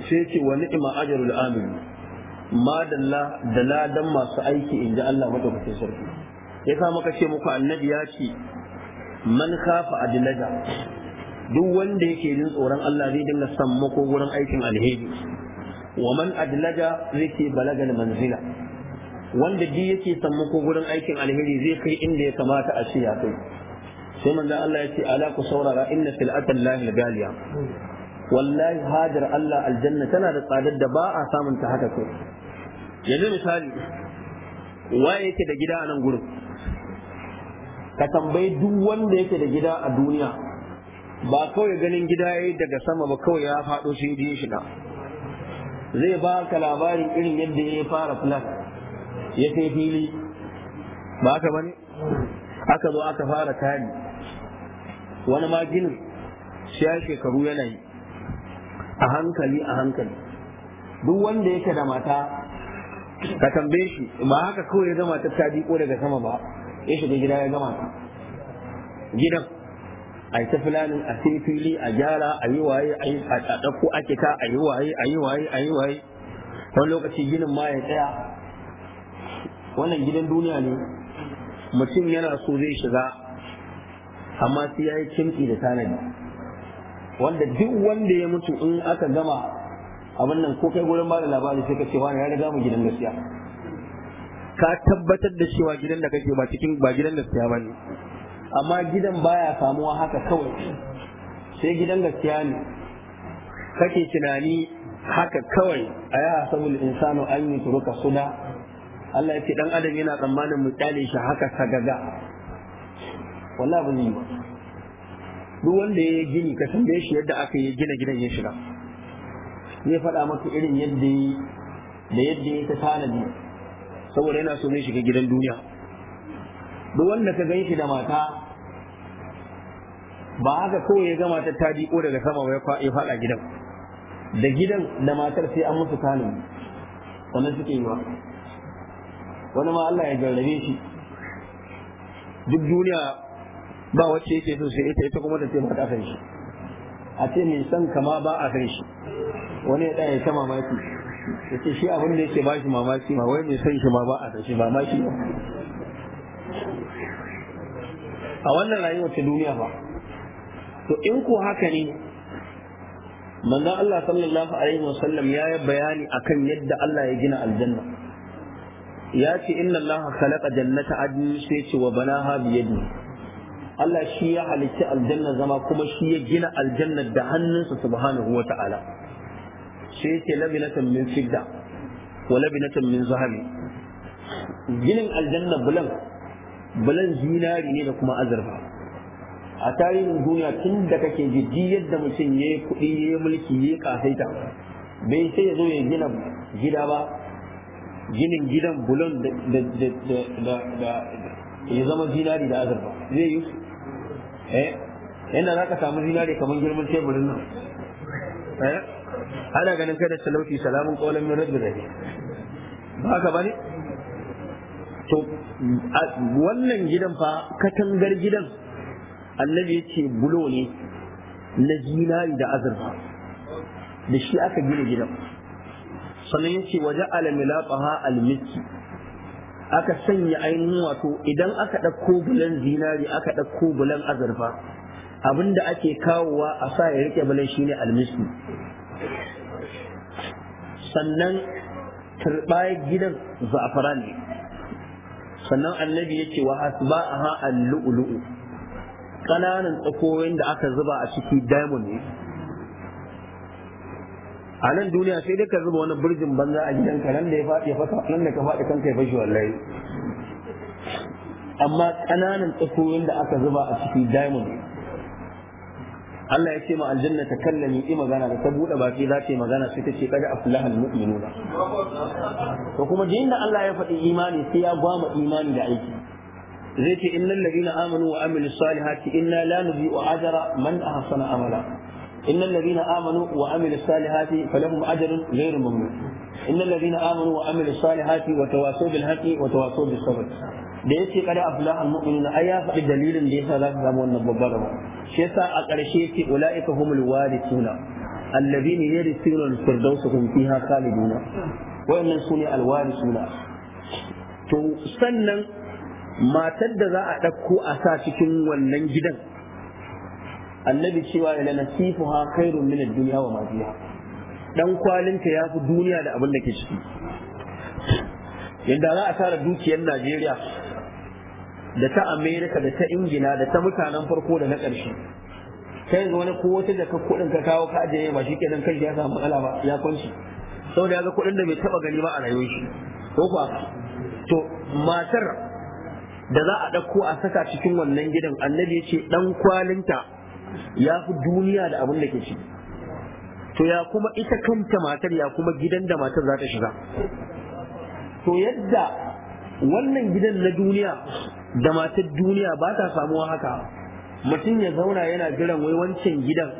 sai ce wa ni'ma ajrul amin ma dalla da ladan masu aiki in ji Allah madaukakin sarki ya sa muka ce muku annabi ya ce man khafa adlaja duk wanda yake jin tsoron Allah zai dinga sammako wurin aikin alheri wa man adlaja zai ke balagal manzila wanda duk yake sammako wurin aikin alheri zai kai inda ya kamata a ce ya kai sai manzon Allah ya ce ala ku saurara inna sil'atan lahi galiya wallahi hajar Allah aljanna tana da tsadar da ba a samun ta haka ko yanzu misali waye yake da gida a nan gurin ka tambayi duk wanda yake da gida a duniya ba kawai ganin gida yayi daga sama ba kawai ya faɗo sai ya shiga zai ba ka labarin irin yadda ya fara plan ya kai fili ba ka bane aka zo aka fara kari wani ma ginin ya shekaru yana yi a hankali a hankali duk wanda yake da mata ka tambaye shi ba haka kawai ya zama ta diko daga sama ba ya shiga gida ya gama ta gidan a yi ta filanin a sai fili a gyara a yi waye a yi a ɗauko a kika a yi waye a yi waye a yi waye wani lokaci ginin ma ya tsaya wannan gidan duniya ne mutum yana so zai shiga amma sai ya yi kimki da tanadi wanda duk wanda ya mutu in aka gama abin nan ko kai gurin bada labari sai ka ce wani ya riga mu gidan gaskiya ka tabbatar da cewa gidan da kake ba cikin ba gidan gaskiya bane amma gidan baya samuwa haka kawai sai gidan gaskiya ne kake tunani haka kawai a ya sabul insano an yi turuka suna Allah ya ce dan adam yana tsammanin mu kyale shi haka sagaga wallahi ba zai yi ba duk wanda ya gini ka san da shi yadda aka yi gina gidan ya shiga zai faɗa maka irin yadda yi da yadda ya ta tanadi saboda yana so ne shiga gidan duniya duk wanda ka gan shi da mata ba haka kawai ya gama ta diko daga sama ba ya faɗa gidan da gidan da matar sai an musu tanadi sannan suke yi wa wani ma Allah ya jarrabe shi duk duniya ba wacce yake so sai ita ita kuma da taimaka ba ta san a ce mai san kama ba a kanshi. wani ya ya ta mamaki ya ce shi abin da yake ba shi mamaki ma wai mai san shi ma ba a kanshi mamaki mamaki a wannan rayuwar ta duniya ba to in ko haka ne manzon Allah sallallahu alaihi wasallam ya yi bayani akan yadda Allah ya gina aljanna ya ce inna Allah khalaqa jannata adni sai ce wa banaha bi yadihi Allah shi ya halicci aljanna zama kuma shi ya gina aljanna da hannunsa subhanahu wa ta'ala shi yake labinatan min fidda wa labinatan min zahabi ginin aljanna bulan bulan zinari ne da kuma azurfa a tarihin duniya tun da kake ji yadda mutum ya yi kuɗi ya yi mulki ya yi kasaita bai sai ya zo ya gina gida ba ginin gidan bulan da ya zama zinari da azurfa zai yi eh inda za ka samu zinare kamar girman teburin nan eh ana ganin kai da talauci salamun qawlan min rabbil rahim ba ka bane to wannan gidan fa katangar gidan annabi yace bulo ne na zinari da azurfa da shi aka gina gidan sannan yace waje ala al almiski aka sanya ainihin wato idan aka ɗauko bulan zinari aka ɗauko bulan azurfa abinda ake kawowa a sa ya rike bulan shine almiski sannan turbayar gidan za'afaran ne sannan annabi yake wa hasba a ha'an lu'ulu'u ƙananan tsakoyin da aka zuba a ciki diamond ne a nan duniya sai dai ka zuba wani birjin banza a gidanka nan da ya faɗi ya fasa nan da ka faɗi kanka ya fashi wallahi amma ƙananan tsakoyin da aka zuba a ciki diamond Allah ya ce ma aljanna ta kallami yi magana da ta buɗe baki za ta yi magana sai ta ce kada aflaha muminuna to kuma din da Allah ya faɗi imani sai ya gwama imani da aiki zai ce innal ladina amanu wa amilu salihati inna la nudhi'u ajra man ahsana amala إن الذين آمنوا وعملوا الصالحات فلهم أجر غير ممنون إن الذين آمنوا وعملوا الصالحات وتواصوا بالحق وتواصوا بالصبر da yace kada afla al ai ya faɗi dalilin da yasa za ka samu wannan babbar rabo shi yasa a ƙarshe yace ulaika humul warithuna alladhina yarithuna al hum fiha khaliduna wayannan sune al to sannan matar da za a ɗauko a sa cikin wannan gidan annabi cewa ila nasifuha khairun min ad-dunya wa ma fiha dan kwalinta ya fi duniya da abin da ke ciki yadda za a tara dukiyar Najeriya da ta Amerika da ta Ingila da ta mutanen farko da na ƙarshe ta yanzu wani ko wata jaka kuɗin ka kawo ka ajiye ba shi kenan kai ya samu matsala ba ya kwanci saboda ya ga kuɗin da bai taɓa gani ba a rayuwar shi ko kuwa to matar da za a ɗauko a saka cikin wannan gidan annabi ya ce ɗan kwalinta ya fi duniya da abin da ke ci to ya kuma ita kanta matar ya kuma gidan da matar za ta shiga to yadda wannan gidan na duniya da matar duniya ba ta samuwa haka mutum ya zauna yana jiran wai wancan gidan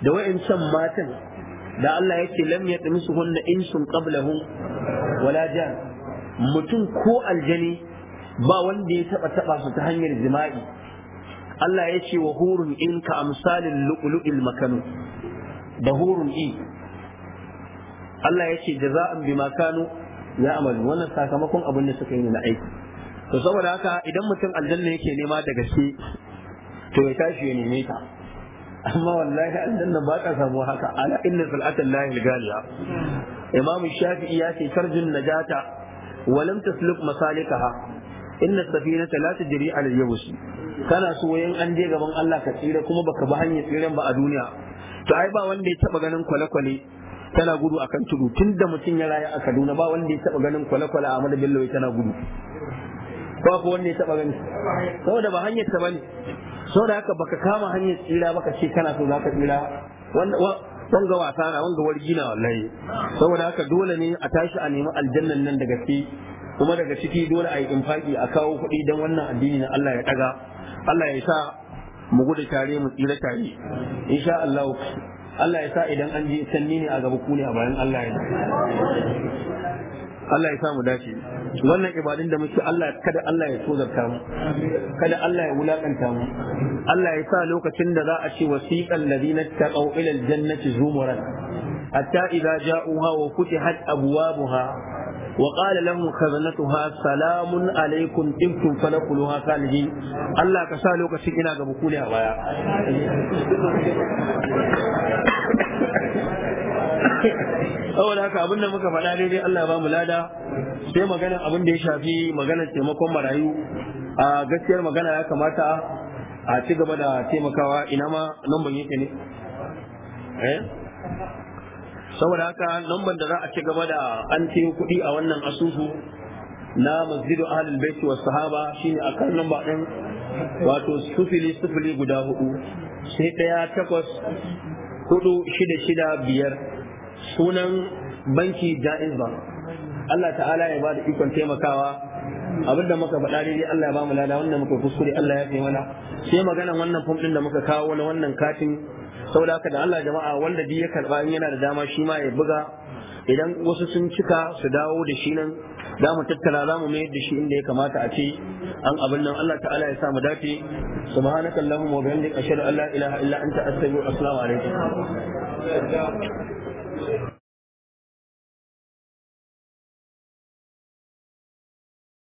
da can matan da Allah ya ce lam yatmisu hunna sun qablahum wala jan mutum ko aljani ba wanda ya taba taba su ta hanyar jima'i Allah ya ce wa hurun in ka amsalin lu'lu'il makanu da hurun i. Allah ya ce jaza'an bi makanu ya amalu wannan sakamakon abin da suka yi na aiki to saboda haka idan mutum aljanna yake nema da gaske to ya tashi ya neme ta amma wallahi aljanna ba ta samu haka ala inna sal'atan lahi galiya Imam shafi'i ya ce tarjun najata wa lam tasluk masalikaha inna safinata la tajri ala al kana so yin an je gaban Allah ka tsira kuma baka ba hanyar tsiran ba a duniya to ai ba wanda ya taba ganin kwale-kwale tana gudu akan tudu tunda mutum ya rayu a Kaduna ba wanda ya taba ganin kwale-kwale a Ahmadu Bello tana gudu ko ko wanda ya taba gani saboda ba hanyar ta bane saboda haka baka kama hanyar tsira baka ce kana so zaka tsira wanga wasa na wanga wargi wargina wallahi saboda haka dole ne a tashi a nemi aljannan nan da gaske kuma daga ciki dole a yi infaki a kawo kuɗi don wannan addini na Allah ya ɗaga Allah ya sa mu gudu tare mu tsira tare insha Allah Allah ya sa idan an je sanni ne a gaba ku ne a bayan Allah ya Allah ya sa mu dace wannan ibadun da muke Allah kada Allah ya tozarta mu kada Allah ya wulakanta mu Allah ya sa lokacin da za a ce wasiqal ladina taqaw ila aljannati zumuran hatta idza ja'uha wa futihat abwabuha وقال لهم خزنتها سلام عليكم طبتم فدخلوها خالدين الله كسا لوكاشين ina ga bukuli a baya saboda haka abinda muka faɗa daidai Allah ba mu lada sai magana abin da ya shafi maganar taimakon marayu a gaskiyar magana ya kamata a ci gaba da taimakawa ina ma nan ban yake ne saboda haka lamban da za a ci gaba da an ciyo kuɗi a wannan asusu na masjidu ahlul baiti wa sahaba shine akan lamba ɗin wato sufili sufili guda hudu sai ɗaya takwas hudu shida shida biyar sunan banki ja'iz ba Allah ta'ala ya bada ikon taimakawa abinda da muka faɗa daidai Allah ya ba lada wannan muka kuskure Allah ya fi mana sai maganan wannan fom ɗin da muka kawo na wannan katin saboda haka da Allah jama'a wanda bi ya karba in yana da dama shi ma ya buga idan wasu sun cika su dawo da shi nan za mu tattara za mu mayar da shi inda ya kamata a ce an abin nan Allah ta'ala ya sa mu dace subhanaka allahumma wa bihamdika ashhadu an la ilaha illa anta astaghfiruka wa atubu ilaik